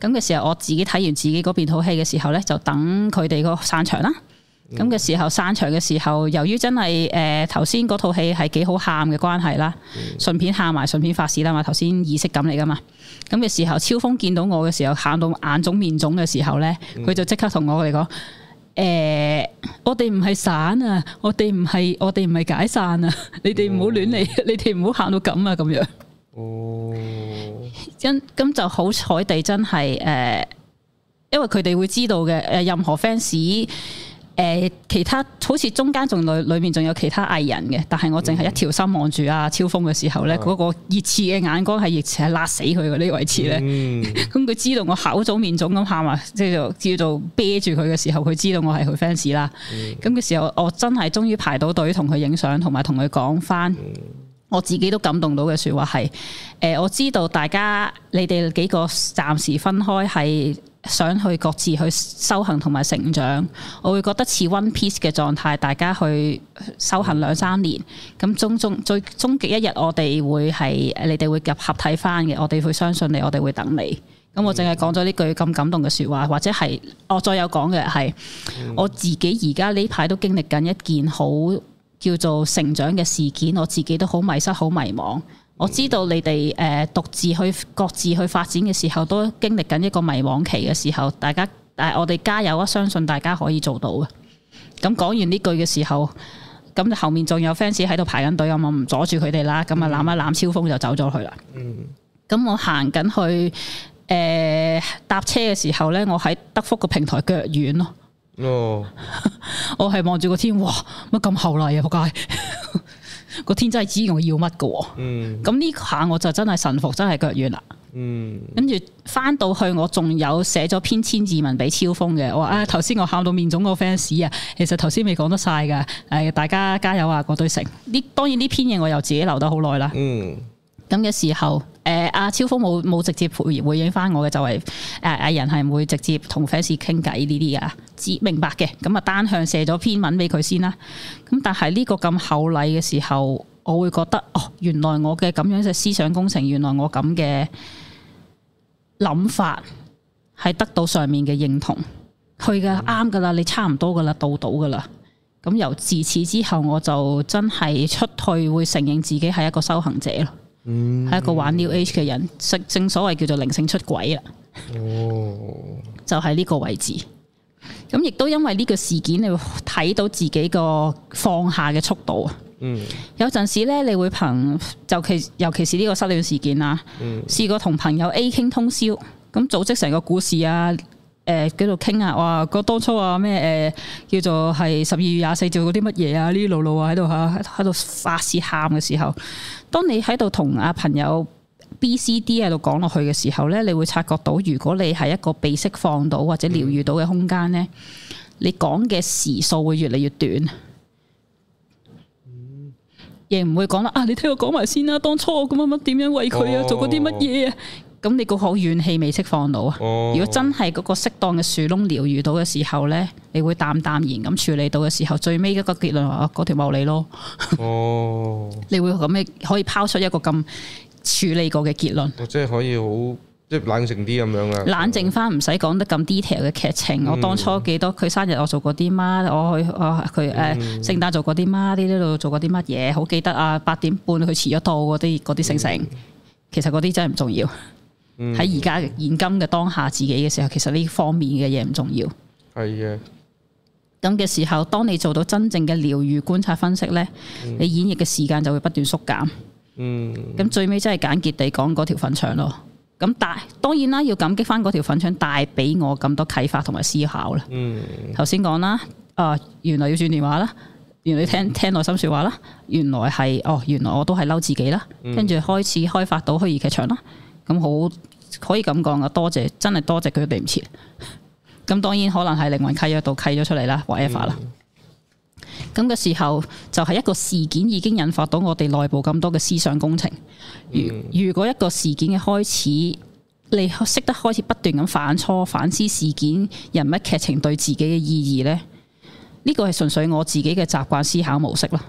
咁嘅時，時，時候，我自己睇完自己嗰邊套戲嘅時候咧，就等佢哋個散場啦。咁嘅時候散場嘅時候，由於真係誒頭先嗰套戲係幾好喊嘅關係啦，嗯、順便喊埋，順便發泄啦嘛，頭先意識感嚟噶嘛。咁嘅時候，超峰見到我嘅時候，喊到眼腫面腫嘅時候咧，佢就即刻同我嚟講：誒、嗯欸，我哋唔係散啊，我哋唔係，我哋唔係解散啊！你哋唔好亂嚟，嗯、你哋唔好喊到咁啊！咁樣，哦、嗯，因咁就好彩地真，真係誒，因為佢哋會知道嘅，誒，任何 fans。誒，其他好似中間仲裏裏面仲有其他藝人嘅，但係我淨係一條心望住阿超峰嘅時候咧，嗰個熱刺嘅眼光係熱刺係辣死佢嘅呢個位置咧。咁佢知道我口腫面腫咁喊啊，即係就叫做啤住佢嘅時候，佢知道我係佢 fans 啦。咁嘅時候，我真係終於排到隊同佢影相，同埋同佢講翻我自己都感動到嘅說話係，誒，我知道大家你哋幾個暫時分開係。想去各自去修行同埋成長，我會覺得似 one piece 嘅狀態，大家去修行兩三年，咁終終最終極一日我，我哋會係誒你哋會入合體翻嘅，我哋會相信你，我哋會等你。咁我淨係講咗呢句咁感動嘅説話，或者係我、哦、再有講嘅係我自己而家呢排都經歷緊一件好叫做成長嘅事件，我自己都好迷失，好迷茫。我知道你哋誒獨自去各自去發展嘅時候，都經歷緊一個迷惘期嘅時候。大家誒、呃，我哋加油啊！相信大家可以做到嘅。咁講完呢句嘅時候，咁就後面仲有 fans 喺度排緊隊，我唔阻住佢哋啦。咁啊，攬一攬超風就走咗去啦。咁、嗯、我行緊去誒、呃、搭車嘅時候呢，我喺德福個平台腳軟咯。哦。 [LAUGHS] 我係望住個天，哇！乜咁後嚟啊仆街！個天真係知我要乜，噶。哦，咁呢下我就真係臣服，真係腳軟啦。跟住翻到去，我仲有寫咗篇千字文俾超峰嘅，我話，嗯、啊，頭先我喊到面腫，個 fans 啊，其實頭先未講得晒噶，誒大家加油啊，嗰堆成，呢當然呢篇嘢，我又自己留得好耐啦。嗯咁嘅時候，誒、啊，阿超峰冇冇直接回應回應翻我嘅，就係、是、誒、啊、人係唔會直接同 fans 傾偈呢啲噶，知明白嘅。咁啊，單向寫咗篇文俾佢先啦。咁但係呢個咁厚禮嘅時候，我會覺得哦，原來我嘅咁樣嘅思想工程，原來我咁嘅諗法係得到上面嘅認同，佢嘅啱噶啦，你差唔多噶啦，到到噶啦。咁由自此之後，我就真係出退會承認自己係一個修行者咯。係一個玩 New Age 嘅人，實正所謂叫做靈性出軌啊，oh. [LAUGHS] 就喺呢個位置。咁亦都因為呢個事件，你會睇到自己個放下嘅速度啊。嗯，mm. 有陣時咧，你會憑就其尤其是呢個失戀事件啊，試、mm. 過同朋友 A 傾通宵，咁組織成個故事啊，誒、呃呃，叫做傾啊，哇，個當初啊咩誒，叫做係十二月廿四做嗰啲乜嘢啊，呢啲路路啊喺度吓，喺度發泄喊嘅時候。當你喺度同阿朋友 B、C、D 喺度講落去嘅時候咧，你會察覺到，如果你係一個被釋放到或者療愈到嘅空間咧，嗯、你講嘅時數會越嚟越短，亦唔、嗯、會講啦。啊！你聽我講埋先啦，當初我咁乜乜點樣為佢啊，哦、做過啲乜嘢啊？咁你個好怨氣未釋放到啊！如果真係嗰個適當嘅樹窿療愈到嘅時候咧，你會淡淡然咁處理到嘅時候，最尾一個結論話、就是、啊，嗰條茂利咯。哦， [LAUGHS] 你會咁咩？可以拋出一個咁處理過嘅結論，我、啊、即係可以好即係冷靜啲咁樣啊！冷靜翻唔使講得咁 detail 嘅劇情，嗯、我當初記得佢生日我做過啲乜？我去佢誒、啊、聖誕做過啲乜？呢度、嗯、做過啲乜嘢？好記得啊！八點半佢遲咗到嗰啲嗰啲星星，其實嗰啲真係唔重要。 [LAUGHS] 喺而家現今嘅當下，自己嘅時候，其實呢方面嘅嘢唔重要。係嘅。咁嘅時候，當你做到真正嘅療愈觀察分析咧，嗯、你演繹嘅時間就會不斷縮減。嗯。咁最尾真係簡潔地講嗰條粉腸咯。咁但係當然啦，要感激翻嗰條粉腸帶俾我咁多啟發同埋思考啦。嗯。頭先講啦，啊、呃、原來要轉電話啦，原來要聽聽內心説話啦，原來係哦原來我都係嬲自己啦，跟住開始開發到虛擬劇場啦，咁好。可以咁講啊，多謝真係多謝佢哋對唔住。咁當然可能係靈魂契約度契咗出嚟啦 whatever 啦。咁嘅、嗯、時候就係、是、一個事件已經引發到我哋內部咁多嘅思想工程。如如果一個事件嘅開始，你識得開始不斷咁反芻、反思事件、人物劇情對自己嘅意義呢？呢個係純粹我自己嘅習慣思考模式咯。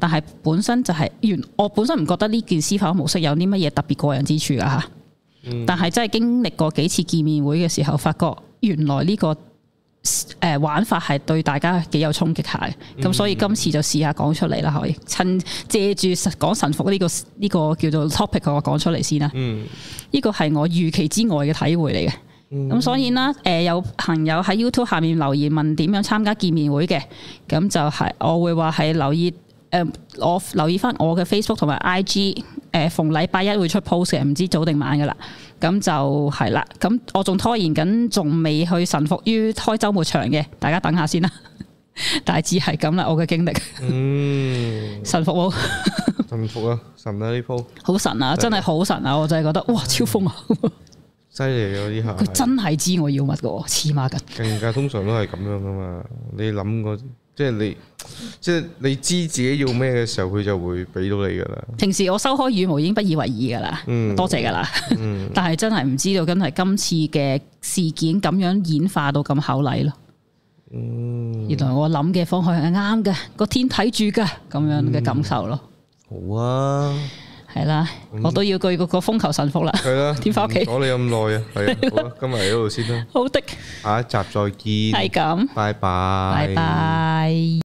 但係本身就係、是、原我本身唔覺得呢件思考模式有啲乜嘢特別過人之處噶吓。但係真係經歷過幾次見面會嘅時候，發覺原來呢個誒玩法係對大家幾有衝擊下嘅，咁、嗯、所以今次就試下講出嚟啦，可以趁借住講臣服呢、呢個呢、呢個叫做 topic 我話講出嚟先啦。嗯，呢個係我預期之外嘅體會嚟嘅。咁、嗯、所以啦，誒有朋友喺 YouTube 下面留言問點樣參加見面會嘅，咁就係我會話係留意誒、呃，我留意翻我嘅 Facebook 同埋 IG。誒、呃，逢禮拜一會出 post，唔知早定晚噶啦，咁就係啦。咁我仲拖延緊，仲未去臣服於開周末場嘅，大家等下先啦。大致係咁啦，我嘅經歷。嗯，臣服喎。臣服啊，神啦，呢鋪好神啊！真係好神啊！我真係覺得，哇，超瘋啊！犀利啊！呢下佢真係知我要乜噶，黐孖筋。更加通常都係咁樣噶嘛，你諗過。即係你，即係你知自己要咩嘅時候，佢就會俾到你噶啦。平時我收開羽毛已經不以為意噶啦，嗯，多謝噶啦。嗯， [LAUGHS] 但係真係唔知道，梗係今次嘅事件咁樣演化到咁厚禮咯。嗯，原來我諗嘅方向係啱嘅，個天睇住噶咁樣嘅感受咯，嗯。好啊。係啦，我都要句嗰個風球神福啦。係啦的，點翻屋企？阻你咁耐啊，係啊，好啦，今日喺度先啦。好的，下一集再見。係咁，拜拜，拜拜。拜拜。